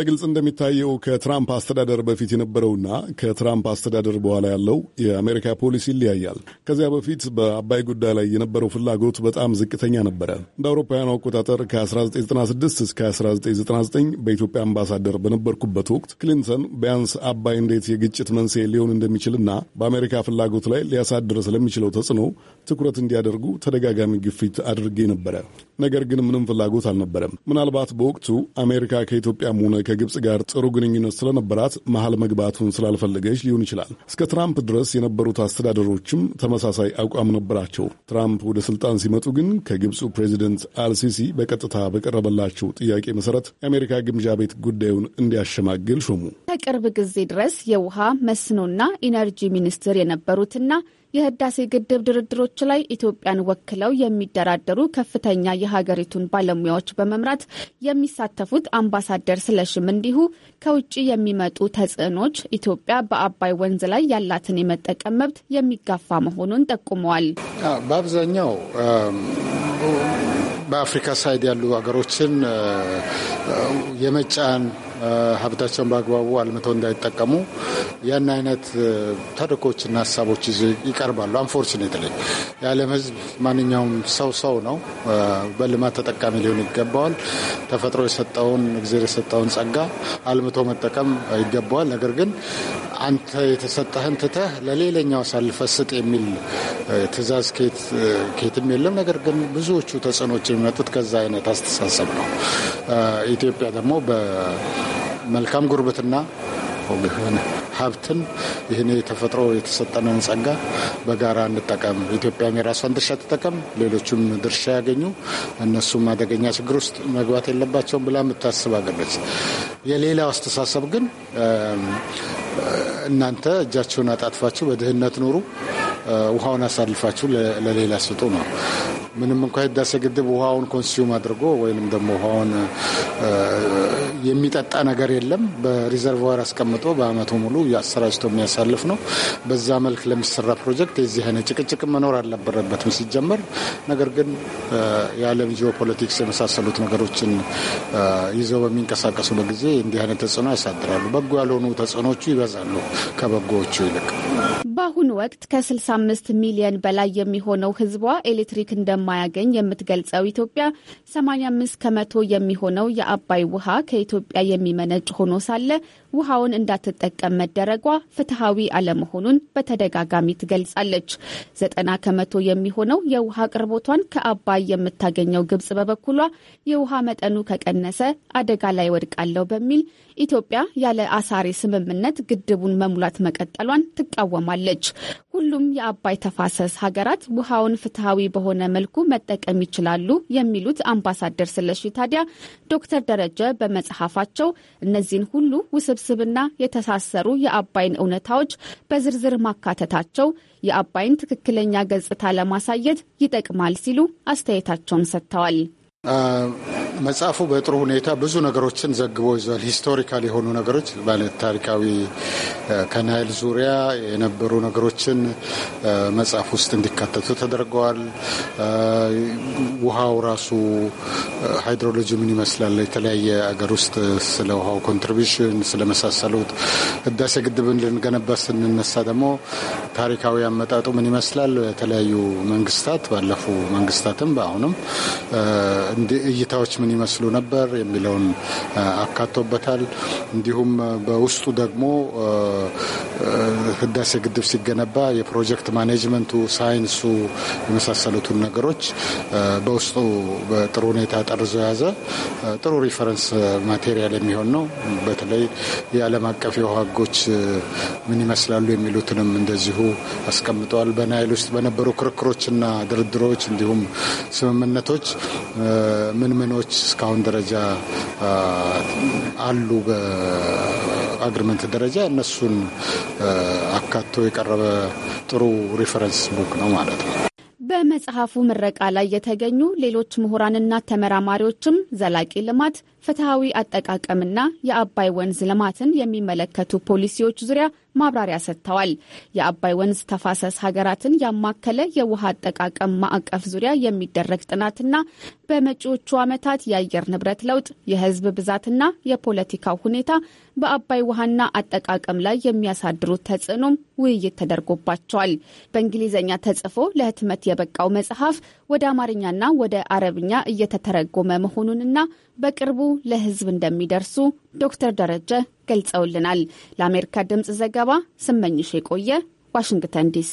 በግልጽ እንደሚታየው ከትራምፕ አስተዳደር በፊት የነበረውና ከትራምፕ አስተዳደር በኋላ ያለው የአሜሪካ ፖሊሲ ይለያያል። ከዚያ በፊት በአባይ ጉዳይ ላይ የነበረው ፍላጎት በጣም ዝቅተኛ ነበረ። እንደ አውሮፓውያኑ አቆጣጠር ከ1996 እስከ 1999 በኢትዮጵያ አምባሳደር በነበርኩበት ወቅት ክሊንተን ቢያንስ አባይ እንዴት የግጭት መንስኤ ሊሆን እንደሚችልና በአሜሪካ ፍላጎት ላይ ሊያሳድር ስለሚችለው ተጽዕኖ ትኩረት እንዲያደርጉ ተደጋጋሚ ግፊት አድርጌ ነበረ። ነገር ግን ምንም ፍላጎት አልነበረም። ምናልባት በወቅቱ አሜሪካ ከኢትዮጵያም ሆነ ከግብፅ ጋር ጥሩ ግንኙነት ስለነበራት መሀል መግባቱን ስላልፈለገች ሊሆን ይችላል። እስከ ትራምፕ ድረስ የነበሩት አስተዳደሮችም ተመሳሳይ አቋም ነበራቸው። ትራምፕ ወደ ስልጣን ሲመጡ ግን ከግብፁ ፕሬዚደንት አልሲሲ በቀጥታ በቀረበላቸው ጥያቄ መሰረት የአሜሪካ ግምጃ ቤት ጉዳዩን እንዲያሸማግል ሾሙ። ከቅርብ ጊዜ ድረስ የውሃ መስኖና ኢነርጂ ሚኒስትር የነበሩትና የህዳሴ ግድብ ድርድሮች ላይ ኢትዮጵያን ወክለው የሚደራደሩ ከፍተኛ የሀገሪቱን ባለሙያዎች በመምራት የሚሳተፉት አምባሳደር ስለሽም እንዲሁ ከውጭ የሚመጡ ተጽዕኖች ኢትዮጵያ በአባይ ወንዝ ላይ ያላትን የመጠቀም መብት የሚጋፋ መሆኑን ጠቁመዋል። በአብዛኛው በአፍሪካ ሳይድ ያሉ ሀገሮችን የመጫን ሀብታቸውን በአግባቡ አልምተው እንዳይጠቀሙ ያን አይነት ተደኮችና ሀሳቦች ይዞ ይቀርባሉ። አንፎርችኔትሊ የዓለም ሕዝብ ማንኛውም ሰው ሰው ነው። በልማት ተጠቃሚ ሊሆን ይገባዋል። ተፈጥሮ የሰጠውን እግዜር የሰጠውን ጸጋ አልምቶ መጠቀም ይገባዋል። ነገር ግን አንተ የተሰጠህን ትተህ ለሌለኛው አሳልፈ ስጥ የሚል ትዕዛዝ ኬትም የለም። ነገር ግን ብዙዎቹ ተጽዕኖች የሚመጡት ከዛ አይነት አስተሳሰብ ነው። ኢትዮጵያ ደግሞ መልካም ጉርብትና ሀብትን ይህን የተፈጥሮ የተሰጠነን ጸጋ በጋራ እንጠቀም። ኢትዮጵያም የራሷን ድርሻ ትጠቀም፣ ሌሎቹም ድርሻ ያገኙ፣ እነሱም አደገኛ ችግር ውስጥ መግባት የለባቸውም ብላ የምታስብ አገለች። የሌላው አስተሳሰብ ግን እናንተ እጃችሁን አጣጥፋችሁ በድህነት ኑሩ፣ ውሃውን አሳልፋችሁ ለሌላ ስጡ ነው። ምንም እንኳ ህዳሴ ግድብ ውሃውን ኮንሱም አድርጎ ወይም ደግሞ ውሃውን የሚጠጣ ነገር የለም። በሪዘርቫር አስቀምጦ በአመቱ ሙሉ አሰራጭቶ የሚያሳልፍ ነው። በዛ መልክ ለሚሰራ ፕሮጀክት የዚህ አይነት ጭቅጭቅ መኖር አልነበረበትም ሲጀመር። ነገር ግን የዓለም ጂኦፖለቲክስ የመሳሰሉት ነገሮችን ይዘው በሚንቀሳቀሱበት ጊዜ እንዲህ አይነት ተጽዕኖ ያሳድራሉ። በጎ ያልሆኑ ተጽዕኖቹ ይበዛሉ ከበጎዎቹ ይልቅ። በአሁኑ ወቅት ከ65 ሚሊየን በላይ የሚሆነው ህዝቧ ኤሌክትሪክ እንደማያገኝ የምትገልጸው ኢትዮጵያ 85 ከመቶ የሚሆነው የአባይ ውሃ ከኢትዮጵያ የሚመነጭ ሆኖ ሳለ ውሃውን እንዳትጠቀም መደረጓ ፍትሐዊ አለመሆኑን በተደጋጋሚ ትገልጻለች። ዘጠና ከመቶ የሚሆነው የውሃ አቅርቦቷን ከአባይ የምታገኘው ግብጽ በበኩሏ የውሃ መጠኑ ከቀነሰ አደጋ ላይ ወድቃለሁ በሚል ኢትዮጵያ ያለ አሳሪ ስምምነት ግድቡን መሙላት መቀጠሏን ትቃወማለች። ሁሉም የአባይ ተፋሰስ ሀገራት ውሃውን ፍትሐዊ በሆነ መልኩ መጠቀም ይችላሉ የሚሉት አምባሳደር ስለሺ ታዲያ ዶክተር ደረጀ በመጽሐፋቸው እነዚህን ሁሉ ውስብስብና የተሳሰሩ የአባይን እውነታዎች በዝርዝር ማካተታቸው የአባይን ትክክለኛ ገጽታ ለማሳየት ይጠቅማል ሲሉ አስተያየታቸውን ሰጥተዋል። መጽሐፉ በጥሩ ሁኔታ ብዙ ነገሮችን ዘግቦ ይዟል። ሂስቶሪካል የሆኑ ነገሮች ማለት ታሪካዊ ከናይል ዙሪያ የነበሩ ነገሮችን መጽሐፍ ውስጥ እንዲካተቱ ተደርገዋል። ውሃው ራሱ ሃይድሮሎጂ ምን ይመስላል፣ የተለያየ አገር ውስጥ ስለ ውሃው ኮንትሪቢሽን ስለመሳሰሉት፣ ህዳሴ ግድብን ልንገነባ ስንነሳ ደግሞ ታሪካዊ አመጣጡ ምን ይመስላል፣ የተለያዩ መንግስታት ባለፉ መንግስታትም በአሁንም እይታዎች ምን ይመስሉ ነበር የሚለውን አካቶበታል። እንዲሁም በውስጡ ደግሞ ህዳሴ ግድብ ሲገነባ የፕሮጀክት ማኔጅመንቱ፣ ሳይንሱ የመሳሰሉትን ነገሮች በውስጡ በጥሩ ሁኔታ ጠርዞ የያዘ ጥሩ ሪፈረንስ ማቴሪያል የሚሆን ነው። በተለይ የዓለም አቀፍ የውሃ ህጎች ምን ይመስላሉ የሚሉትንም እንደዚሁ አስቀምጠዋል። በናይል ውስጥ በነበሩ ክርክሮችና ድርድሮች እንዲሁም ስምምነቶች ምን ምኖች እስካሁን ደረጃ አሉ በአግሪመንት ደረጃ እነሱን አካቶ የቀረበ ጥሩ ሪፈረንስ ቡክ ነው ማለት ነው። በመጽሐፉ ምረቃ ላይ የተገኙ ሌሎች ምሁራንና ተመራማሪዎችም ዘላቂ ልማት፣ ፍትሐዊ አጠቃቀምና የአባይ ወንዝ ልማትን የሚመለከቱ ፖሊሲዎች ዙሪያ ማብራሪያ ሰጥተዋል። የአባይ ወንዝ ተፋሰስ ሀገራትን ያማከለ የውሃ አጠቃቀም ማዕቀፍ ዙሪያ የሚደረግ ጥናትና በመጪዎቹ ዓመታት የአየር ንብረት ለውጥ፣ የህዝብ ብዛትና የፖለቲካው ሁኔታ በአባይ ውሃና አጠቃቀም ላይ የሚያሳድሩት ተጽዕኖም ውይይት ተደርጎባቸዋል። በእንግሊዝኛ ተጽፎ ለህትመት የበቃው መጽሐፍ ወደ አማርኛና ወደ አረብኛ እየተተረጎመ መሆኑንና በቅርቡ ለህዝብ እንደሚደርሱ ዶክተር ደረጀ ገልጸውልናል። ለአሜሪካ ድምፅ ዘገባ ስመኝሽ የቆየ ዋሽንግተን ዲሲ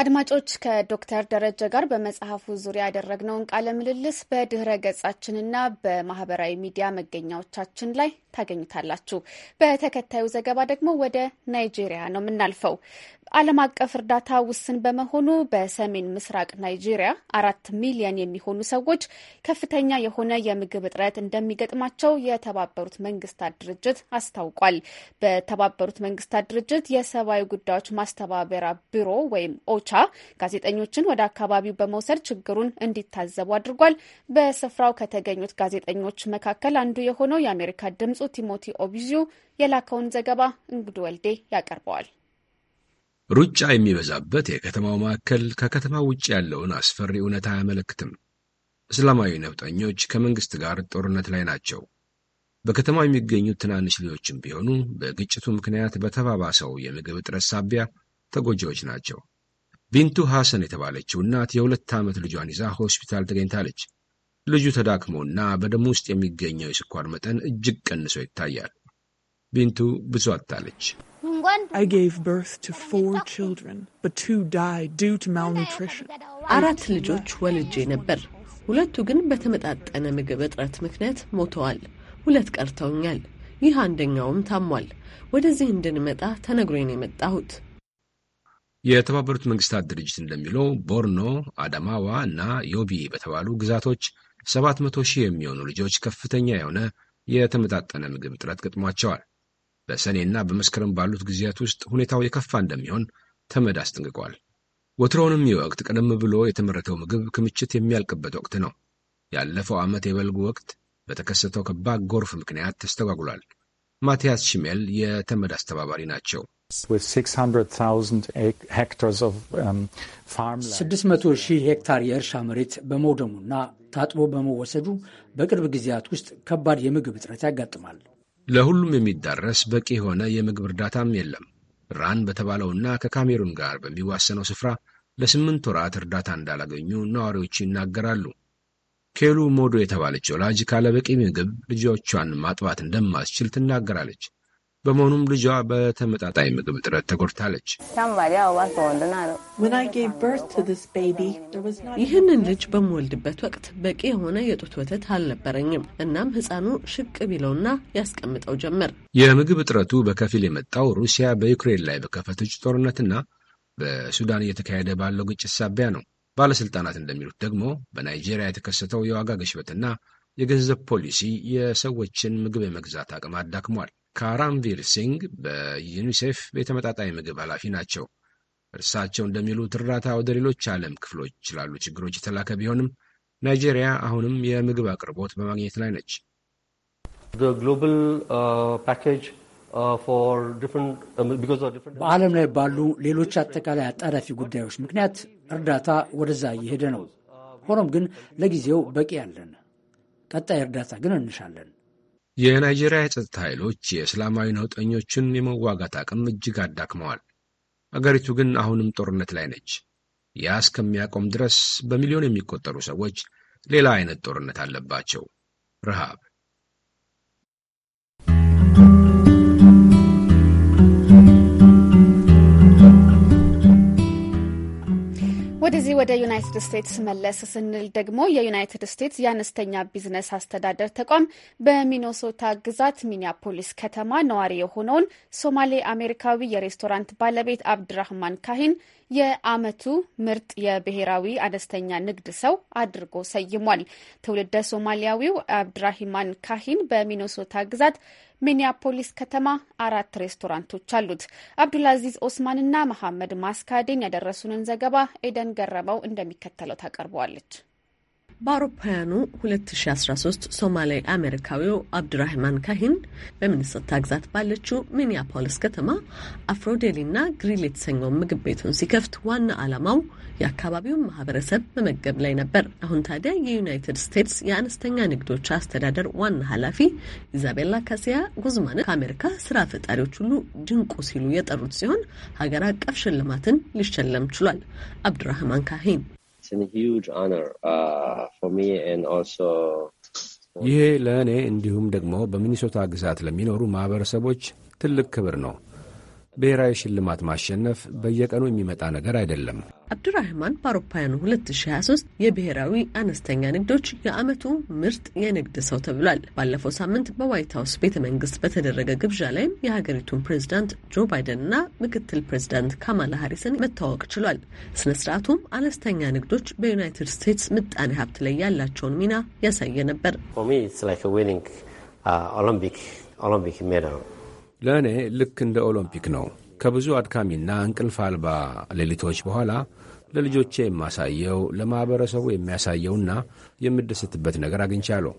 አድማጮች ከዶክተር ደረጀ ጋር በመጽሐፉ ዙሪያ ያደረግነውን ቃለ ምልልስ በድህረ ገጻችንና በማህበራዊ ሚዲያ መገኛዎቻችን ላይ ታገኙታላችሁ። በተከታዩ ዘገባ ደግሞ ወደ ናይጄሪያ ነው የምናልፈው። ዓለም አቀፍ እርዳታ ውስን በመሆኑ በሰሜን ምስራቅ ናይጄሪያ አራት ሚሊየን የሚሆኑ ሰዎች ከፍተኛ የሆነ የምግብ እጥረት እንደሚገጥማቸው የተባበሩት መንግስታት ድርጅት አስታውቋል። በተባበሩት መንግስታት ድርጅት የሰብአዊ ጉዳዮች ማስተባበሪያ ቢሮ ወይም ኦቻ ጋዜጠኞችን ወደ አካባቢው በመውሰድ ችግሩን እንዲታዘቡ አድርጓል። በስፍራው ከተገኙት ጋዜጠኞች መካከል አንዱ የሆነው የአሜሪካ ድምጹ ቲሞቲ ኦቢዚዩ የላከውን ዘገባ እንግዱ ወልዴ ያቀርበዋል። ሩጫ የሚበዛበት የከተማው ማዕከል ከከተማ ውጭ ያለውን አስፈሪ እውነት አያመለክትም። እስላማዊ ነውጠኞች ከመንግሥት ጋር ጦርነት ላይ ናቸው። በከተማው የሚገኙት ትናንሽ ልጆችም ቢሆኑ በግጭቱ ምክንያት በተባባሰው የምግብ እጥረት ሳቢያ ተጎጂዎች ናቸው። ቢንቱ ሐሰን የተባለችው እናት የሁለት ዓመት ልጇን ይዛ ሆስፒታል ተገኝታለች። ልጁ ተዳክሞና በደሙ ውስጥ የሚገኘው የስኳር መጠን እጅግ ቀንሶ ይታያል። ቢንቱ ብዙ አጥታለች። I gave birth አራት ልጆች ወልጄ ነበር። ሁለቱ ግን በተመጣጠነ ምግብ እጥረት ምክንያት ሞተዋል። ሁለት ቀርተውኛል። ይህ አንደኛውም ታሟል። ወደዚህ እንድንመጣ ተነግሮን የመጣሁት። የተባበሩት መንግስታት ድርጅት እንደሚለው ቦርኖ፣ አዳማዋ እና ዮቢ በተባሉ ግዛቶች 700 ሺህ የሚሆኑ ልጆች ከፍተኛ የሆነ የተመጣጠነ ምግብ እጥረት ገጥሟቸዋል። በሰኔና በመስከረም ባሉት ጊዜያት ውስጥ ሁኔታው የከፋ እንደሚሆን ተመድ አስጠንቅቋል። ወትሮውንም የወቅት ቀደም ብሎ የተመረተው ምግብ ክምችት የሚያልቅበት ወቅት ነው። ያለፈው ዓመት የበልጉ ወቅት በተከሰተው ከባድ ጎርፍ ምክንያት ተስተጓጉሏል። ማቲያስ ሽሜል የተመድ አስተባባሪ ናቸው። um, ስድስት ሺህ ሄክታር የእርሻ መሬት በመውደሙና ታጥቦ በመወሰዱ በቅርብ ጊዜያት ውስጥ ከባድ የምግብ እጥረት ያጋጥማል። ለሁሉም የሚዳረስ በቂ የሆነ የምግብ እርዳታም የለም። ራን በተባለውና ከካሜሩን ጋር በሚዋሰነው ስፍራ ለስምንት ወራት እርዳታ እንዳላገኙ ነዋሪዎቹ ይናገራሉ። ኬሉ ሞዶ የተባለች ወላጅ ካለበቂ ምግብ ልጆቿን ማጥባት እንደማትችል ትናገራለች። በመሆኑም ልጇ በተመጣጣኝ ምግብ እጥረት ተጎድታለች። ይህንን ልጅ በምወልድበት ወቅት በቂ የሆነ የጡት ወተት አልነበረኝም። እናም ሕፃኑ ሽቅ ቢለውና ያስቀምጠው ጀመር። የምግብ እጥረቱ በከፊል የመጣው ሩሲያ በዩክሬን ላይ በከፈተች ጦርነትና በሱዳን እየተካሄደ ባለው ግጭት ሳቢያ ነው። ባለስልጣናት እንደሚሉት ደግሞ በናይጄሪያ የተከሰተው የዋጋ ግሽበትና የገንዘብ ፖሊሲ የሰዎችን ምግብ የመግዛት አቅም አዳክሟል። ካራምቪር ሲንግ በዩኒሴፍ የተመጣጣኝ ምግብ ኃላፊ ናቸው። እርሳቸው እንደሚሉት እርዳታ ወደ ሌሎች ዓለም ክፍሎች ላሉ ችግሮች የተላከ ቢሆንም ናይጄሪያ አሁንም የምግብ አቅርቦት በማግኘት ላይ ነች። uh, uh, uh, በዓለም ላይ ባሉ ሌሎች አጠቃላይ አጣዳፊ ጉዳዮች ምክንያት እርዳታ ወደዛ እየሄደ ነው። ሆኖም ግን ለጊዜው በቂ ያለን፣ ቀጣይ እርዳታ ግን እንሻለን። የናይጄሪያ የጸጥታ ኃይሎች የእስላማዊ ነውጠኞችን የመዋጋት አቅም እጅግ አዳክመዋል። አገሪቱ ግን አሁንም ጦርነት ላይ ነች። ያ እስከሚያቆም ድረስ በሚሊዮን የሚቆጠሩ ሰዎች ሌላ አይነት ጦርነት አለባቸው፣ ረሃብ ወደዚህ ወደ ዩናይትድ ስቴትስ መለስ ስንል ደግሞ የዩናይትድ ስቴትስ የአነስተኛ ቢዝነስ አስተዳደር ተቋም በሚኒሶታ ግዛት ሚኒያፖሊስ ከተማ ነዋሪ የሆነውን ሶማሌ አሜሪካዊ የሬስቶራንት ባለቤት አብድራህማን ካሂን የዓመቱ ምርጥ የብሔራዊ አነስተኛ ንግድ ሰው አድርጎ ሰይሟል። ትውልደ ሶማሊያዊው አብድራሂማን ካሂን በሚኖሶታ ግዛት ሚኒያፖሊስ ከተማ አራት ሬስቶራንቶች አሉት። አብዱልአዚዝ ኦስማንና መሐመድ ማስካዴን ያደረሱንን ዘገባ ኤደን ገረመው እንደሚከተለው ታቀርበዋለች። በአውሮፓውያኑ 2013 ሶማሌ አሜሪካዊው አብዱራህማን ካሂን በሚኒሶታ ግዛት ባለችው ሚኒያፖሊስ ከተማ አፍሮዴሊና ግሪል የተሰኘውን ምግብ ቤቱን ሲከፍት ዋና ዓላማው የአካባቢውን ማህበረሰብ መመገብ ላይ ነበር። አሁን ታዲያ የዩናይትድ ስቴትስ የአነስተኛ ንግዶች አስተዳደር ዋና ኃላፊ ኢዛቤላ ካሲያ ጉዝማን ከአሜሪካ ስራ ፈጣሪዎች ሁሉ ድንቁ ሲሉ የጠሩት ሲሆን ሀገር አቀፍ ሽልማትን ሊሸለም ችሏል። አብዱራህማን ካሂን it's a huge honor uh, for me and also ይሄ ለእኔ እንዲሁም ደግሞ በሚኒሶታ ግዛት ለሚኖሩ ማህበረሰቦች ትልቅ ክብር ነው። ብሔራዊ ሽልማት ማሸነፍ በየቀኑ የሚመጣ ነገር አይደለም። አብዱራህማን በአውሮፓውያኑ 2023 የብሔራዊ አነስተኛ ንግዶች የዓመቱ ምርጥ የንግድ ሰው ተብሏል። ባለፈው ሳምንት በዋይት ሀውስ ቤተ መንግስት በተደረገ ግብዣ ላይም የሀገሪቱን ፕሬዚዳንት ጆ ባይደንና ምክትል ፕሬዚዳንት ካማላ ሀሪስን መታወቅ ችሏል። ስነ ስርዓቱም አነስተኛ ንግዶች በዩናይትድ ስቴትስ ምጣኔ ሀብት ላይ ያላቸውን ሚና ያሳየ ነበር። ኦሎምፒክ ለእኔ ልክ እንደ ኦሎምፒክ ነው። ከብዙ አድካሚና እንቅልፍ አልባ ሌሊቶች በኋላ ለልጆቼ የማሳየው ለማኅበረሰቡ የሚያሳየውና የምደሰትበት ነገር አግኝቻለሁ።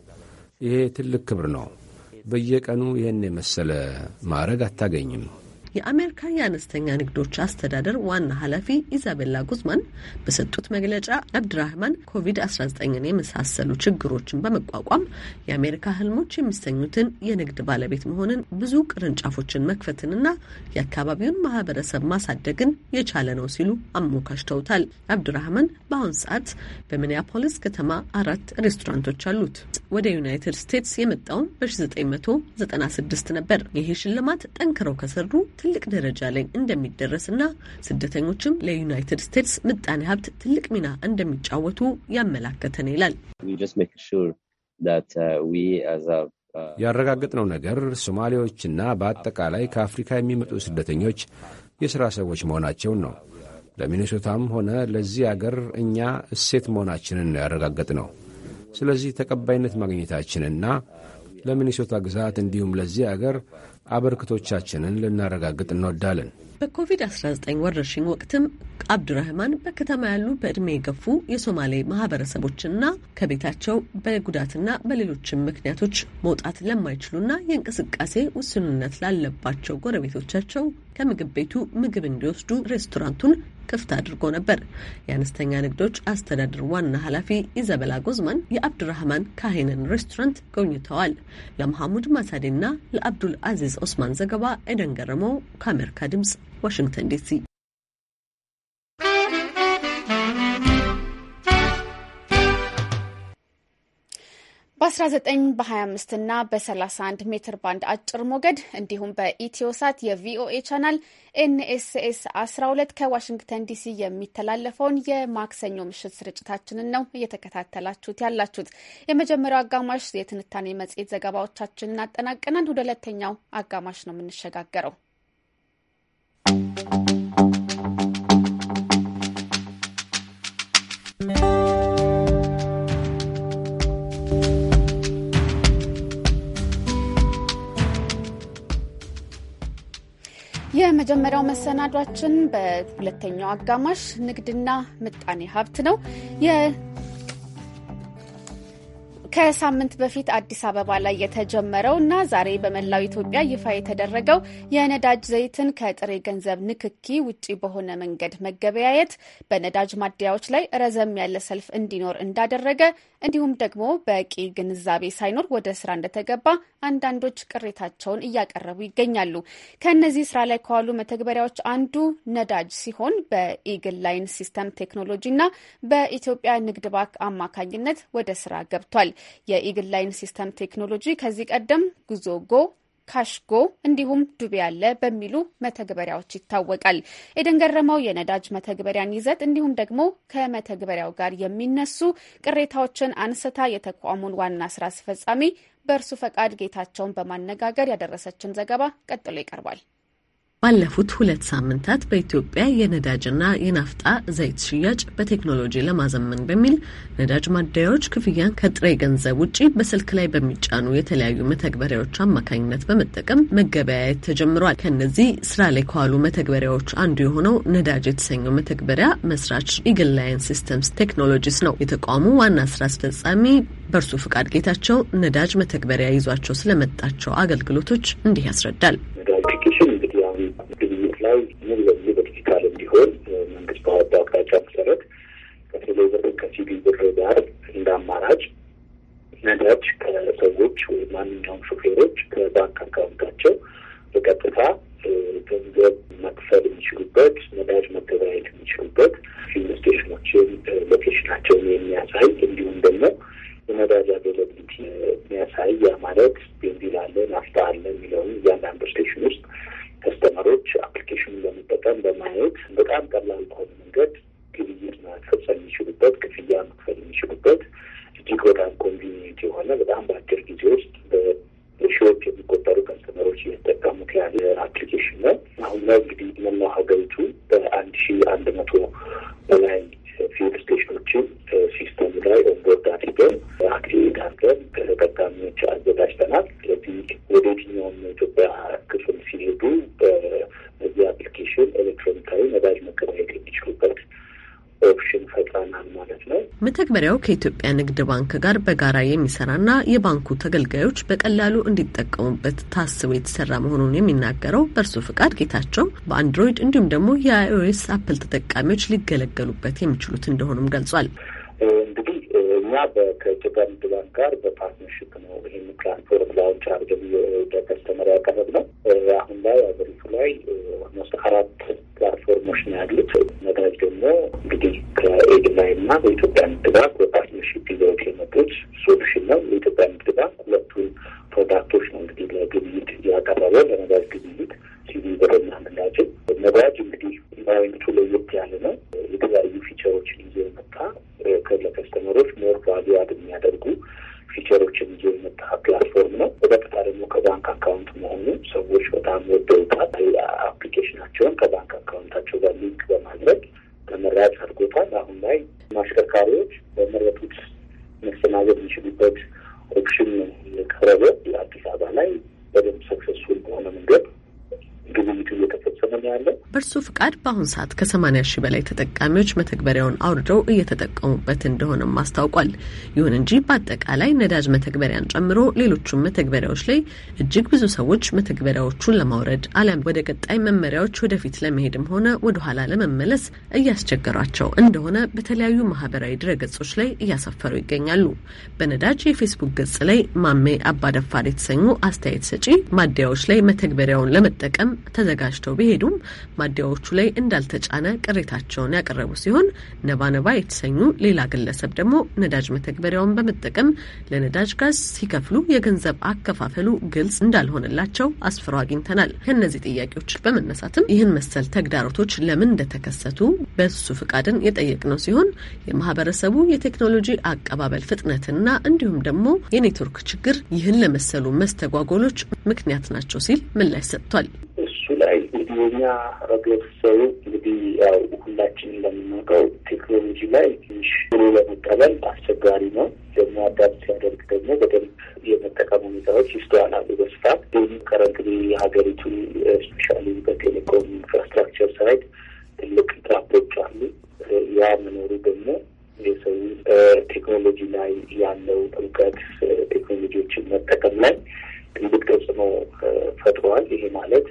ይሄ ትልቅ ክብር ነው። በየቀኑ ይህን የመሰለ ማዕረግ አታገኝም። የአሜሪካ የአነስተኛ ንግዶች አስተዳደር ዋና ኃላፊ ኢዛቤላ ጉዝማን በሰጡት መግለጫ አብድራህማን ኮቪድ-19ን የመሳሰሉ ችግሮችን በመቋቋም የአሜሪካ ህልሞች የሚሰኙትን የንግድ ባለቤት መሆንን ብዙ ቅርንጫፎችን መክፈትንና የአካባቢውን ማህበረሰብ ማሳደግን የቻለ ነው ሲሉ አሞካሽተውታል። አብድራህማን በአሁኑ ሰዓት በሚኒያፖሊስ ከተማ አራት ሬስቶራንቶች አሉት። ወደ ዩናይትድ ስቴትስ የመጣውም በ1996 ነበር። ይሄ ሽልማት ጠንክረው ከሰሩ ትልቅ ደረጃ ላይ እንደሚደረስና ስደተኞችም ለዩናይትድ ስቴትስ ምጣኔ ሀብት ትልቅ ሚና እንደሚጫወቱ ያመላከተን ይላል። uh, uh, ያረጋገጥነው ነገር ሶማሌዎችና በአጠቃላይ ከአፍሪካ የሚመጡ ስደተኞች የሥራ ሰዎች መሆናቸውን ነው። ለሚኔሶታም ሆነ ለዚህ አገር እኛ እሴት መሆናችንን ነው ያረጋገጥነው። ስለዚህ ተቀባይነት ማግኘታችንና ለሚኔሶታ ግዛት እንዲሁም ለዚህ አገር አበርክቶቻችንን ልናረጋግጥ እንወዳለን። በኮቪድ-19 ወረርሽኝ ወቅትም አብዱራህማን በከተማ ያሉ በእድሜ የገፉ የሶማሌ ማህበረሰቦችና ከቤታቸው በጉዳትና በሌሎችም ምክንያቶች መውጣት ለማይችሉና የእንቅስቃሴ ውስንነት ላለባቸው ጎረቤቶቻቸው ከምግብ ቤቱ ምግብ እንዲወስዱ ሬስቶራንቱን ክፍት አድርጎ ነበር። የአነስተኛ ንግዶች አስተዳደር ዋና ኃላፊ ኢዘበላ ጎዝማን የአብዱራህማን ካሄነን ሬስቶራንት ጎብኝተዋል። ለመሐሙድ ማሳዴና ለአብዱል አዚዝ ኦስማን ዘገባ ኤደን ገረመው ከአሜሪካ ድምጽ ዋሽንግተን ዲሲ በ19 በ25 እና በ31 ሜትር ባንድ አጭር ሞገድ እንዲሁም በኢትዮሳት የቪኦኤ ቻናል ኤንኤስኤስ 12 ከዋሽንግተን ዲሲ የሚተላለፈውን የማክሰኞ ምሽት ስርጭታችንን ነው እየተከታተላችሁት ያላችሁት። የመጀመሪያው አጋማሽ የትንታኔ መጽሔት ዘገባዎቻችንን አጠናቀናል። ወደ ሁለተኛው አጋማሽ ነው የምንሸጋገረው። የመጀመሪያው መሰናዷችን በሁለተኛው አጋማሽ ንግድና ምጣኔ ሀብት ነው። ከሳምንት በፊት አዲስ አበባ ላይ የተጀመረው እና ዛሬ በመላው ኢትዮጵያ ይፋ የተደረገው የነዳጅ ዘይትን ከጥሬ ገንዘብ ንክኪ ውጪ በሆነ መንገድ መገበያየት በነዳጅ ማደያዎች ላይ ረዘም ያለ ሰልፍ እንዲኖር እንዳደረገ እንዲሁም ደግሞ በቂ ግንዛቤ ሳይኖር ወደ ስራ እንደተገባ አንዳንዶች ቅሬታቸውን እያቀረቡ ይገኛሉ። ከእነዚህ ስራ ላይ ከዋሉ መተግበሪያዎች አንዱ ነዳጅ ሲሆን በኢግል ላይን ሲስተም ቴክኖሎጂ እና በኢትዮጵያ ንግድ ባንክ አማካኝነት ወደ ስራ ገብቷል። የኢግል ላይን ሲስተም ቴክኖሎጂ ከዚህ ቀደም ጉዞ ካሽ ካሽጎ እንዲሁም ዱቤ ያለ በሚሉ መተግበሪያዎች ይታወቃል። ኤደን ገረመው የነዳጅ መተግበሪያን ይዘት እንዲሁም ደግሞ ከመተግበሪያው ጋር የሚነሱ ቅሬታዎችን አንስታ የተቋሙን ዋና ስራ አስፈጻሚ በእርሱ ፈቃድ ጌታቸውን በማነጋገር ያደረሰችን ዘገባ ቀጥሎ ይቀርባል። ባለፉት ሁለት ሳምንታት በኢትዮጵያ የነዳጅና የናፍጣ ዘይት ሽያጭ በቴክኖሎጂ ለማዘመን በሚል ነዳጅ ማደያዎች ክፍያን ከጥሬ ገንዘብ ውጪ በስልክ ላይ በሚጫኑ የተለያዩ መተግበሪያዎች አማካኝነት በመጠቀም መገበያየት ተጀምሯል። ከነዚህ ስራ ላይ ከዋሉ መተግበሪያዎች አንዱ የሆነው ነዳጅ የተሰኘው መተግበሪያ መስራች ኢግል ላይን ሲስተምስ ቴክኖሎጂስ ነው። የተቋሙ ዋና ስራ አስፈጻሚ በእርሱ ፍቃድ ጌታቸው ነዳጅ መተግበሪያ ይዟቸው ስለመጣቸው አገልግሎቶች እንዲህ ያስረዳል። ላይ ሙሉ በሙሉ በዲጂታል እንዲሆን መንግስት ባወጣው አቅጣጫ መሰረት ከቴሌ ብር ከሲቢኢ ብር ጋር እንደ አማራጭ ነዳጅ ከሰዎች ወይም ማንኛውም ሾፌሮች ከባንክ አካውንታቸው በቀጥታ ገንዘብ መክፈል የሚችሉበት ነዳጅ መገበያየት የሚችሉበት ፊልም ስቴሽኖችን ሎኬሽናቸውን የሚያሳይ እንዲሁም ደግሞ የነዳጅ አቬለብሊቲ የሚያሳይ ያ ማለት ቤንዚል አለ ናፍታ አለ የሚለውን እያንዳንዱ ስቴሽን ውስጥ ከስተመሮች አፕሊኬሽኑን በመጠቀም በማየት በጣም ቀላል በሆነ መንገድ ግብይት መፈጸም የሚችሉበት ክፍያ መክፈል የሚችሉበት እጅግ በጣም ኮንቪኒየንት የሆነ በጣም በአጭር ጊዜ ውስጥ በሺዎች የሚቆጠሩ ከስተመሮች እየተጠቀሙት ያለ አፕሊኬሽን ነው። አሁን ላይ እንግዲህ መላው ሀገሪቱ በአንድ ሺ አንድ መቶ በላይ ፊውል ስቴሽኖችን ሲስተሙ ላይ ኦንቦርድ አድርገን አክቲቬት አድርገን ከተጠቃሚዎች አዘጋጅተናል። ስለዚህ ወደ የትኛውም የኢትዮጵያ ክፍል ሲሄዱ በዚህ አፕሊኬሽን ኤሌክትሮኒካዊ ነዳጅ መገበያየት የሚችሉበት ኦፕሽን ፈጥረናል ማለት ነው። መተግበሪያው ከኢትዮጵያ ንግድ ባንክ ጋር በጋራ የሚሰራና የባንኩ ተገልጋዮች በቀላሉ እንዲጠቀሙበት ታስቦ የተሰራ መሆኑን የሚናገረው በእርሱ ፍቃድ ጌታቸው በአንድሮይድ እንዲሁም ደግሞ የአይኦኤስ አፕል ተጠቃሚዎች ሊገለገሉበት የሚችሉት እንደሆኑም ገልጿል። እንግዲህ እኛ ከኢትዮጵያ ንግድ ባንክ ጋር በፓርትነርሽፕ ነው ይህን ፕላትፎርም ላውንች አድርገን ለከስተመር ነው። አሁን ላይ ሀገሪቱ ላይ ኦልሞስት አራት ፕላትፎርሞች ነው ያሉት። ነገር ደግሞ እንግዲህ ከኤድ ላይ እና በኢትዮጵያ ንግድ ባንክ በፓርትነርሽፕ ይዘውት የመጡት ሶሉሽን ነው። የኢትዮጵያ ንግድ ባንክ ሁለቱን ፕሮዳክቶች ነው እንግዲህ ለግብይት ያቀረበው ለነዳጅ ግብይት ቲቪ ገበና ምንላቸው ነዳጅ እንግዲህ ኢንቫይሮንመንቱ ለየት ያለ ነው። የተለያዩ ፊቸሮችን ይዞ የመጣ ለከስተመሮች ሞር ቫሉ አድ የሚያደርጉ ፊቸሮችን ይዞ የመጣ ፕላትፎርም ነው። በቀጥታ ደግሞ ከባንክ አካውንት መሆኑ ሰዎች በጣም ወደውታል። አፕሊኬሽናቸውን ከባንክ አካውንታቸው ጋር ሊንክ በማድረግ ተመራጭ አድርጎታል። አሁን ላይ ማሽከርካሪዎች በመረጡት መስተናገድ የሚችሉበት ኦፕሽን ነው የቀረበው። አዲስ አበባ ላይ በደንብ ሰክሰስፉል በሆነ መንገድ ግብይቱ እየተፈጸመ ነው ያለው። በእርሱ ፍቃድ በአሁን ሰዓት ከሰማኒያ ሺህ በላይ ተጠቃሚዎች መተግበሪያውን አውርደው እየተጠቀሙበት እንደሆነም አስታውቋል። ይሁን እንጂ በአጠቃላይ ነዳጅ መተግበሪያን ጨምሮ ሌሎቹም መተግበሪያዎች ላይ እጅግ ብዙ ሰዎች መተግበሪያዎቹን ለማውረድ አሊያም ወደ ቀጣይ መመሪያዎች ወደፊት ለመሄድም ሆነ ወደኋላ ለመመለስ እያስቸገሯቸው እንደሆነ በተለያዩ ማህበራዊ ድረገጾች ላይ እያሰፈሩ ይገኛሉ። በነዳጅ የፌስቡክ ገጽ ላይ ማሜ አባደፋር የተሰኙ አስተያየት ሰጪ ማደያዎች ላይ መተግበሪያውን ለመጠቀም ተዘጋጅተው ቢሄዱም ማደያዎቹ ላይ እንዳልተጫነ ቅሬታቸውን ያቀረቡ ሲሆን ነባነባ የተሰኙ ሌላ ግለሰብ ደግሞ ነዳጅ መተግበሪያውን በመጠቀም ለነዳጅ ጋዝ ሲከፍሉ የገንዘብ አከፋፈሉ ግልጽ እንዳልሆነላቸው አስፍሮ አግኝተናል። ከእነዚህ ጥያቄዎች በመነሳትም ይህን መሰል ተግዳሮቶች ለምን እንደተከሰቱ በሱ ፍቃድን የጠየቅነው ሲሆን የማህበረሰቡ የቴክኖሎጂ አቀባበል ፍጥነትና እንዲሁም ደግሞ የኔትወርክ ችግር ይህን ለመሰሉ መስተጓጎሎች ምክንያት ናቸው ሲል ምላሽ ሰጥቷል። እሱ ላይ እንግዲህ የኛ ህብረተሰቡ እንግዲህ ያው ሁላችን እንደምናውቀው ቴክኖሎጂ ላይ ትንሽ ቶሎ ለመቀበል አስቸጋሪ ነው። ደግሞ አዳፕት ሲያደርግ ደግሞ በደንብ የመጠቀም ሁኔታዎች ይስተዋላሉ በስፋት ግን ከረንትሊ የሀገሪቱን ስፔሻሊ በቴሌኮም ኢንፍራስትራክቸር ሳይድ ትልቅ ጥራቶች አሉ። ያ መኖሩ ደግሞ የሰው ቴክኖሎጂ ላይ ያለው እውቀት ቴክኖሎጂዎችን መጠቀም ላይ ትልቅ ተጽዕኖ ፈጥሯል። ይሄ ማለት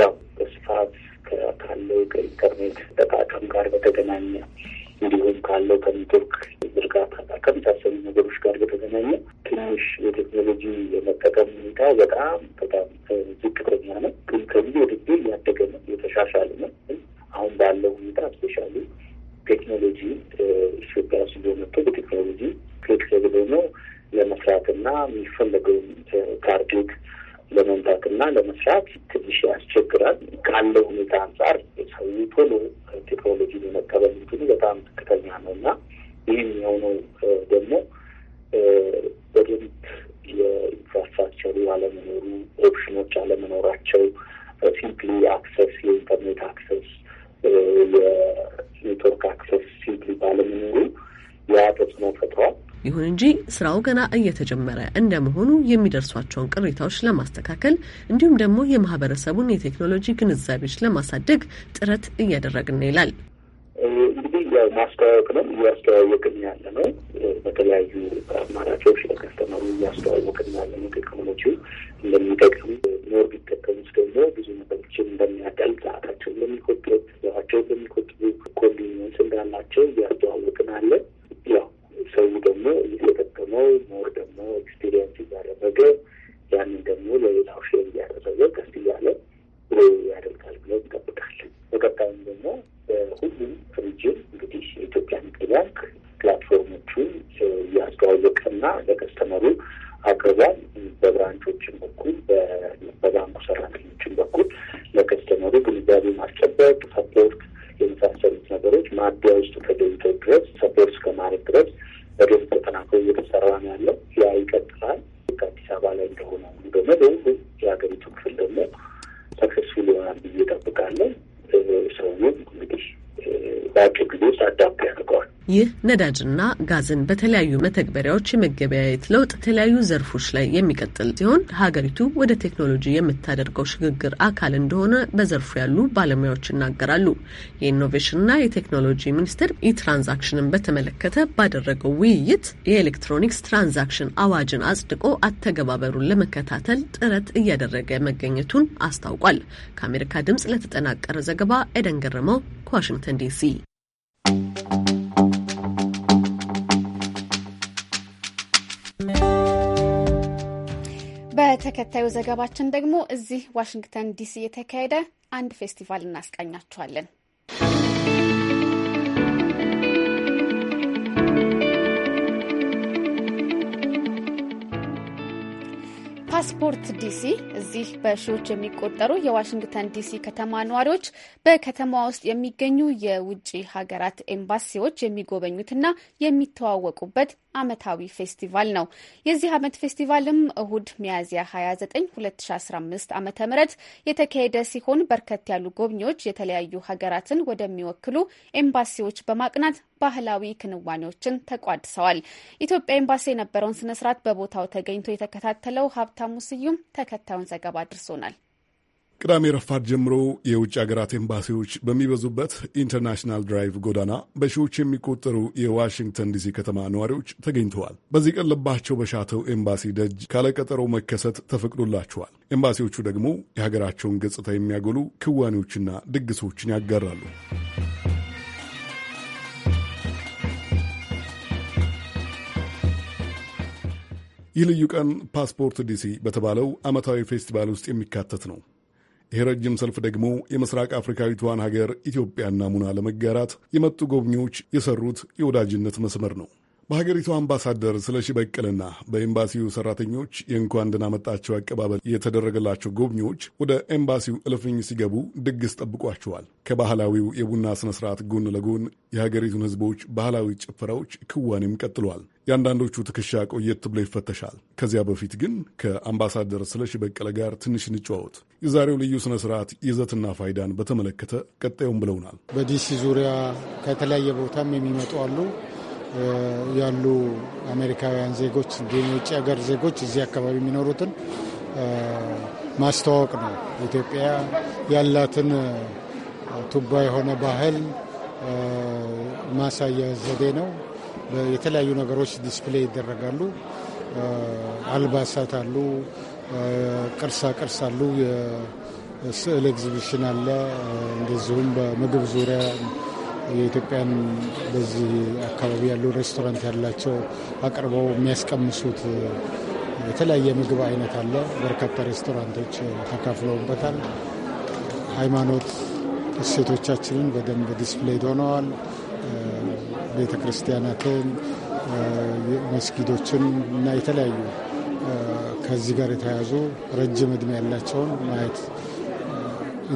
ያው በስፋት ካለው ከኢንተርኔት ጠቃቀም ጋር በተገናኘ እንዲሁም ካለው ከኔትወርክ ዝርጋታ ጋር ከመሳሰሉ ነገሮች ጋር በተገናኘ ትንሽ የቴክኖሎጂ የመጠቀም ሁኔታ በጣም በጣም ዝቅተኛ ነው። ግን ከዚህ ወደ ጊዜ እያደገ ነው፣ የተሻሻለ ነው። አሁን ባለው ሁኔታ ስፔሻሊ ቴክኖሎጂ ኢትዮጵያ ውስጥ መጥቶ በቴክኖሎጂ ክክ ለመስራት ለመስራትና የሚፈለገውን ታርጌት ካለው ሁኔታ አንጻር ሰው ቶሎ ስራው ገና እየተጀመረ እንደመሆኑ የሚደርሷቸውን ቅሬታዎች ለማስተካከል እንዲሁም ደግሞ የማህበረሰቡን የቴክኖሎጂ ግንዛቤዎች ለማሳደግ ጥረት እያደረግን ይላል። እንግዲህ ያው ማስተዋወቅ ነው እያስተዋወቅን ያለ ነው። በተለያዩ ነዳጅና ጋዝን በተለያዩ መተግበሪያዎች የመገበያየት ለውጥ የተለያዩ ዘርፎች ላይ የሚቀጥል ሲሆን ሀገሪቱ ወደ ቴክኖሎጂ የምታደርገው ሽግግር አካል እንደሆነ በዘርፉ ያሉ ባለሙያዎች ይናገራሉ። የኢኖቬሽንና የቴክኖሎጂ ሚኒስቴር ኢትራንዛክሽንን በተመለከተ ባደረገው ውይይት የኤሌክትሮኒክስ ትራንዛክሽን አዋጅን አጽድቆ አተገባበሩን ለመከታተል ጥረት እያደረገ መገኘቱን አስታውቋል። ከአሜሪካ ድምፅ ለተጠናቀረ ዘገባ ኤደን ገረመው ከዋሽንግተን ዲሲ በተከታዩ ዘገባችን ደግሞ እዚህ ዋሽንግተን ዲሲ የተካሄደ አንድ ፌስቲቫል እናስቃኛችኋለን። ፓስፖርት ዲሲ እዚህ በሺዎች የሚቆጠሩ የዋሽንግተን ዲሲ ከተማ ነዋሪዎች በከተማዋ ውስጥ የሚገኙ የውጭ ሀገራት ኤምባሲዎች የሚጎበኙትና የሚተዋወቁበት ዓመታዊ ፌስቲቫል ነው። የዚህ ዓመት ፌስቲቫልም እሁድ ሚያዝያ 29 2015 ዓ ም የተካሄደ ሲሆን በርከት ያሉ ጎብኚዎች የተለያዩ ሀገራትን ወደሚወክሉ ኤምባሲዎች በማቅናት ባህላዊ ክንዋኔዎችን ተቋድሰዋል። ኢትዮጵያ ኤምባሲ የነበረውን ስነስርዓት በቦታው ተገኝቶ የተከታተለው ሀብታሙ ስዩም ተከታዩን ዘገባ አድርሶናል። ቅዳሜ ረፋድ ጀምሮ የውጭ ሀገራት ኤምባሲዎች በሚበዙበት ኢንተርናሽናል ድራይቭ ጎዳና በሺዎች የሚቆጠሩ የዋሽንግተን ዲሲ ከተማ ነዋሪዎች ተገኝተዋል። በዚህ ቀን ልባቸው በሻተው ኤምባሲ ደጅ ካለቀጠሮ መከሰት ተፈቅዶላቸዋል። ኤምባሲዎቹ ደግሞ የሀገራቸውን ገጽታ የሚያጎሉ ክዋኔዎችና ድግሶችን ያጋራሉ። ይህ ልዩ ቀን ፓስፖርት ዲሲ በተባለው ዓመታዊ ፌስቲቫል ውስጥ የሚካተት ነው። ይህ ረጅም ሰልፍ ደግሞ የምስራቅ አፍሪካዊቷን ሀገር ኢትዮጵያና ሙና ለመጋራት የመጡ ጎብኚዎች የሰሩት የወዳጅነት መስመር ነው። በሀገሪቱ አምባሳደር ስለሺ በቀለና በኤምባሲው ሰራተኞች የእንኳን ደህና መጣችሁ አቀባበል የተደረገላቸው ጎብኚዎች ወደ ኤምባሲው እልፍኝ ሲገቡ ድግስ ጠብቋቸዋል። ከባህላዊው የቡና ስነ ስርዓት ጎን ለጎን የሀገሪቱን ህዝቦች ባህላዊ ጭፈራዎች ክዋኔም ቀጥሏል። የአንዳንዶቹ ትከሻ ቆየት ብሎ ይፈተሻል። ከዚያ በፊት ግን ከአምባሳደር ስለሺ በቀለ ጋር ትንሽ እንጨዋወት። የዛሬው ልዩ ስነ ስርዓት ይዘትና ፋይዳን በተመለከተ ቀጣዩም ብለውናል። በዲሲ ዙሪያ ከተለያየ ቦታም የሚመጡ አሉ ያሉ አሜሪካውያን ዜጎች እንዲሁም የውጭ ሀገር ዜጎች እዚህ አካባቢ የሚኖሩትን ማስተዋወቅ ነው። ኢትዮጵያ ያላትን ቱባ የሆነ ባህል ማሳያ ዘዴ ነው። የተለያዩ ነገሮች ዲስፕሌይ ይደረጋሉ። አልባሳት አሉ፣ ቅርሳ ቅርስ አሉ፣ የስዕል ኤግዚቢሽን አለ። እንደዚሁም በምግብ ዙሪያ የኢትዮጵያን በዚህ አካባቢ ያሉ ሬስቶራንት ያላቸው አቅርበው የሚያስቀምሱት የተለያየ ምግብ አይነት አለ። በርካታ ሬስቶራንቶች ተካፍለውበታል። ሃይማኖት እሴቶቻችንን በደንብ ዲስፕሌይድ ሆነዋል። ቤተ ክርስቲያናትን፣ መስጊዶችን እና የተለያዩ ከዚህ ጋር የተያያዙ ረጅም እድሜ ያላቸውን ማየት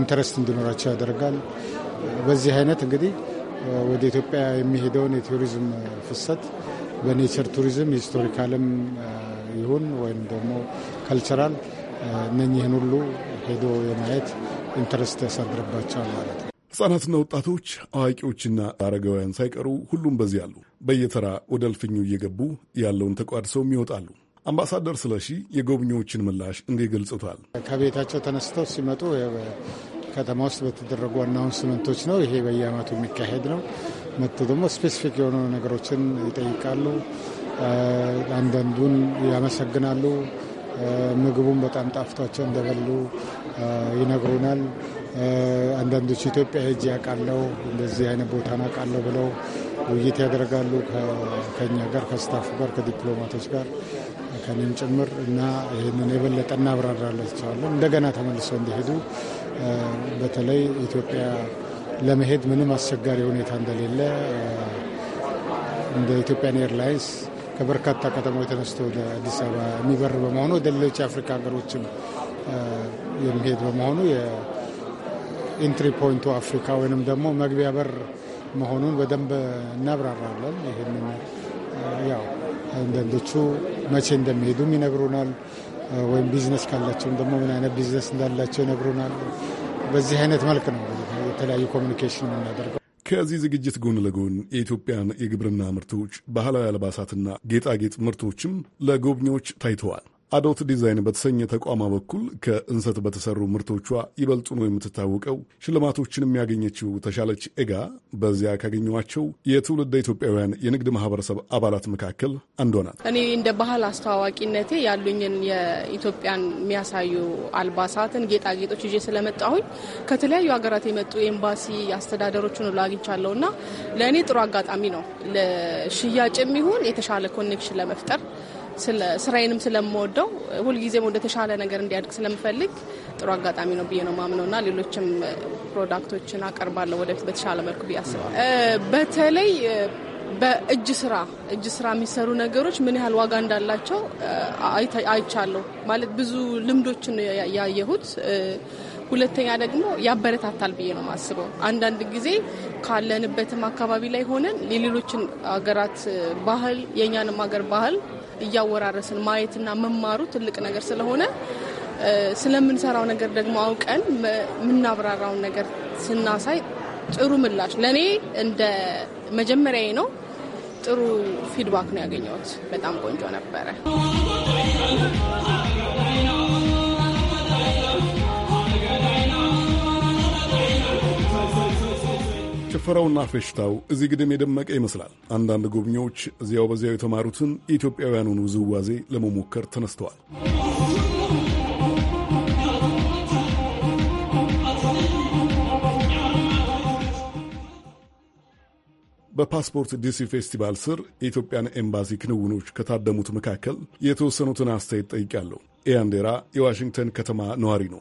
ኢንተረስት እንዲኖራቸው ያደርጋል። በዚህ አይነት እንግዲህ ወደ ኢትዮጵያ የሚሄደውን የቱሪዝም ፍሰት በኔቸር ቱሪዝም ሂስቶሪካልም ይሁን ወይም ደግሞ ካልቸራል እነኚህን ሁሉ ሄዶ የማየት ኢንተረስት ያሳድርባቸዋል ማለት ነው። ሕጻናትና ወጣቶች፣ አዋቂዎችና አረጋውያን ሳይቀሩ ሁሉም በዚህ አሉ። በየተራ ወደ እልፍኙ እየገቡ ያለውን ተቋድሰውም ይወጣሉ። አምባሳደር ስለሺ የጎብኚዎችን ምላሽ እንዲህ ገልጹታል። ከቤታቸው ተነስተው ሲመጡ ከተማ ውስጥ በተደረጉ ዋና አንውንስመንቶች ነው። ይሄ በየአመቱ የሚካሄድ ነው። መጥቶ ደግሞ ስፔሲፊክ የሆኑ ነገሮችን ይጠይቃሉ። አንዳንዱን ያመሰግናሉ። ምግቡን በጣም ጣፍቷቸው እንደበሉ ይነግሩናል። አንዳንዶቹ ኢትዮጵያ ሄጄ አውቃለሁ፣ እንደዚህ አይነት ቦታ አውቃለሁ ብለው ውይይት ያደርጋሉ ከኛ ጋር ከስታፉ ጋር ከዲፕሎማቶች ጋር ከኔም ጭምር እና ይህንን የበለጠ እናብራራላቸዋለን እንደገና ተመልሶ እንዲሄዱ በተለይ ኢትዮጵያ ለመሄድ ምንም አስቸጋሪ ሁኔታ እንደሌለ እንደ ኢትዮጵያን ኤርላይንስ ከበርካታ ከተማዎች ተነስቶ ወደ አዲስ አበባ የሚበር በመሆኑ ወደ ሌሎች የአፍሪካ ሀገሮችም የሚሄድ በመሆኑ የኢንትሪ ፖይንቱ አፍሪካ ወይንም ደግሞ መግቢያ በር መሆኑን በደንብ እናብራራለን። ይህንን ያው አንዳንዶቹ መቼ እንደሚሄዱም ይነግሩናል። ወይም ቢዝነስ ካላቸውም ደግሞ ምን አይነት ቢዝነስ እንዳላቸው ይነግሩናል። በዚህ አይነት መልክ ነው የተለያዩ ኮሚኒኬሽን የምናደርገው። ከዚህ ዝግጅት ጎን ለጎን የኢትዮጵያን የግብርና ምርቶች፣ ባህላዊ አልባሳትና ጌጣጌጥ ምርቶችም ለጎብኚዎች ታይተዋል። አዶት ዲዛይን በተሰኘ ተቋማ በኩል ከእንሰት በተሰሩ ምርቶቿ ይበልጡ ነው የምትታወቀው ሽልማቶችንም ያገኘችው ተሻለች ኤጋ በዚያ ካገኘኋቸው የትውልደ ኢትዮጵያውያን የንግድ ማህበረሰብ አባላት መካከል አንዷ ናት። እኔ እንደ ባህል አስተዋዋቂነቴ ያሉኝን የኢትዮጵያን የሚያሳዩ አልባሳትን፣ ጌጣጌጦች ይዤ ስለመጣሁኝ ከተለያዩ ሀገራት የመጡ ኤምባሲ አስተዳደሮችን ሁሉ አግኝቻለሁ እና ለእኔ ጥሩ አጋጣሚ ነው ለሽያጭ የሚሆን የተሻለ ኮኔክሽን ለመፍጠር ስራዬንም ስለምወደው ሁልጊዜም ወደ ተሻለ ነገር እንዲያድግ ስለምፈልግ ጥሩ አጋጣሚ ነው ብዬ ነው ማምነው እና ሌሎችም ፕሮዳክቶችን አቀርባለሁ ወደፊት በተሻለ መልኩ ብዬ አስባለሁ። በተለይ በእጅ ስራ እጅ ስራ የሚሰሩ ነገሮች ምን ያህል ዋጋ እንዳላቸው አይቻለሁ። ማለት ብዙ ልምዶችን ያየሁት ሁለተኛ ደግሞ ያበረታታል ብዬ ነው የማስበው። አንዳንድ ጊዜ ካለንበትም አካባቢ ላይ ሆነን የሌሎችን ሀገራት ባህል የእኛንም ሀገር ባህል እያወራረስን ማየትና መማሩ ትልቅ ነገር ስለሆነ ስለምንሰራው ነገር ደግሞ አውቀን የምናብራራውን ነገር ስናሳይ ጥሩ ምላሽ ለእኔ እንደ መጀመሪያዬ ነው። ጥሩ ፊድባክ ነው ያገኘሁት። በጣም ቆንጆ ነበረ። ጭፈራውና ፌሽታው እዚህ ግድም የደመቀ ይመስላል። አንዳንድ ጎብኚዎች እዚያው በዚያው የተማሩትን የኢትዮጵያውያኑን ውዝዋዜ ለመሞከር ተነስተዋል። በፓስፖርት ዲሲ ፌስቲቫል ስር የኢትዮጵያን ኤምባሲ ክንውኖች ከታደሙት መካከል የተወሰኑትን አስተያየት ጠይቄያለሁ። ኤያንዴራ የዋሽንግተን ከተማ ነዋሪ ነው።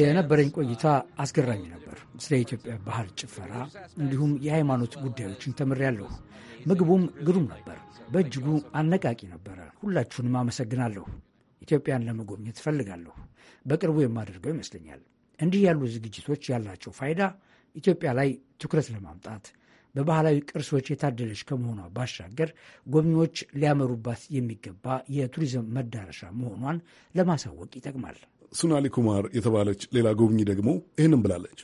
የነበረኝ ቆይታ አስገራሚ ነበር። ስለ ኢትዮጵያ ባህል ጭፈራ፣ እንዲሁም የሃይማኖት ጉዳዮችን ተምሬያለሁ። ምግቡም ግሩም ነበር፣ በእጅጉ አነቃቂ ነበረ። ሁላችሁንም አመሰግናለሁ። ኢትዮጵያን ለመጎብኘት እፈልጋለሁ። በቅርቡ የማደርገው ይመስለኛል። እንዲህ ያሉ ዝግጅቶች ያላቸው ፋይዳ ኢትዮጵያ ላይ ትኩረት ለማምጣት በባህላዊ ቅርሶች የታደለች ከመሆኗ ባሻገር ጎብኚዎች ሊያመሩባት የሚገባ የቱሪዝም መዳረሻ መሆኗን ለማሳወቅ ይጠቅማል። ሱናሊ ኩማር የተባለች ሌላ ጎብኚ ደግሞ ይህንም ብላለች።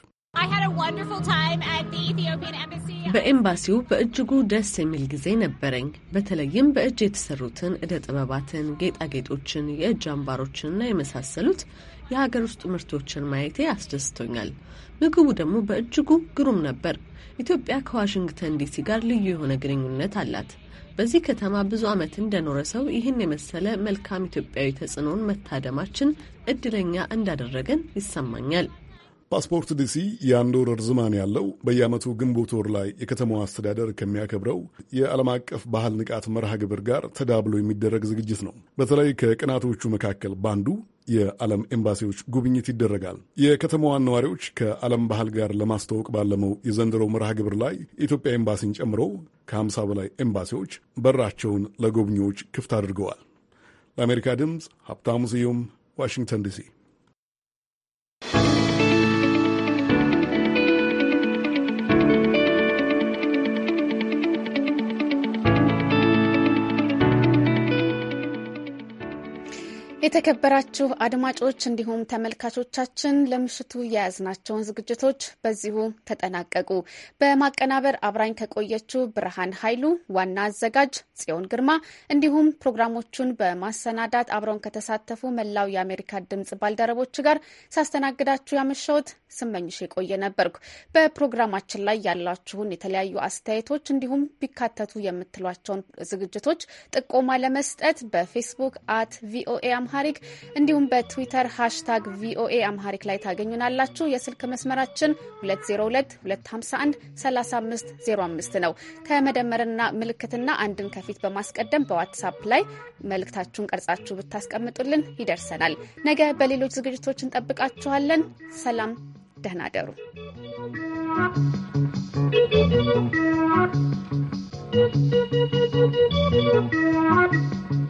በኤምባሲው በእጅጉ ደስ የሚል ጊዜ ነበረኝ። በተለይም በእጅ የተሰሩትን እደ ጥበባትን፣ ጌጣጌጦችን፣ የእጅ አምባሮችንና የመሳሰሉት የሀገር ውስጥ ምርቶችን ማየቴ አስደስቶኛል። ምግቡ ደግሞ በእጅጉ ግሩም ነበር። ኢትዮጵያ ከዋሽንግተን ዲሲ ጋር ልዩ የሆነ ግንኙነት አላት። በዚህ ከተማ ብዙ ዓመት እንደኖረ ሰው ይህን የመሰለ መልካም ኢትዮጵያዊ ተጽዕኖን መታደማችን እድለኛ እንዳደረገን ይሰማኛል። ፓስፖርት ዲሲ የአንድ ወር እርዝማን ያለው በየዓመቱ ግንቦት ወር ላይ የከተማዋ አስተዳደር ከሚያከብረው የዓለም አቀፍ ባህል ንቃት መርሃ ግብር ጋር ተዳብሎ የሚደረግ ዝግጅት ነው። በተለይ ከቅናቶቹ መካከል ባንዱ የዓለም ኤምባሲዎች ጉብኝት ይደረጋል። የከተማዋን ነዋሪዎች ከዓለም ባህል ጋር ለማስተዋወቅ ባለመው የዘንድሮው መርሃ ግብር ላይ የኢትዮጵያ ኤምባሲን ጨምሮ ከ50 በላይ ኤምባሲዎች በራቸውን ለጎብኚዎች ክፍት አድርገዋል። ለአሜሪካ ድምፅ ሀብታሙ ስዩም ዋሽንግተን ዲሲ የተከበራችሁ አድማጮች እንዲሁም ተመልካቾቻችን ለምሽቱ የያዝናቸውን ዝግጅቶች በዚሁ ተጠናቀቁ። በማቀናበር አብራኝ ከቆየችው ብርሃን ኃይሉ፣ ዋና አዘጋጅ ጽዮን ግርማ እንዲሁም ፕሮግራሞቹን በማሰናዳት አብረውን ከተሳተፉ መላው የአሜሪካ ድምጽ ባልደረቦች ጋር ሳስተናግዳችሁ ያመሸሁት ስመኝሽ የቆየ ነበርኩ። በፕሮግራማችን ላይ ያላችሁን የተለያዩ አስተያየቶች እንዲሁም ቢካተቱ የምትሏቸውን ዝግጅቶች ጥቆማ ለመስጠት በፌስቡክ አት ቪኦኤ አምሃሪክ እንዲሁም በትዊተር ሃሽታግ ቪኦኤ አምሃሪክ ላይ ታገኙናላችሁ። የስልክ መስመራችን 2022513505 ነው። ከመደመርና ምልክትና አንድን ከፊት በማስቀደም በዋትሳፕ ላይ መልእክታችሁን ቀርጻችሁ ብታስቀምጡልን ይደርሰናል። ነገ በሌሎች ዝግጅቶች እንጠብቃችኋለን። ሰላም፣ ደህና you.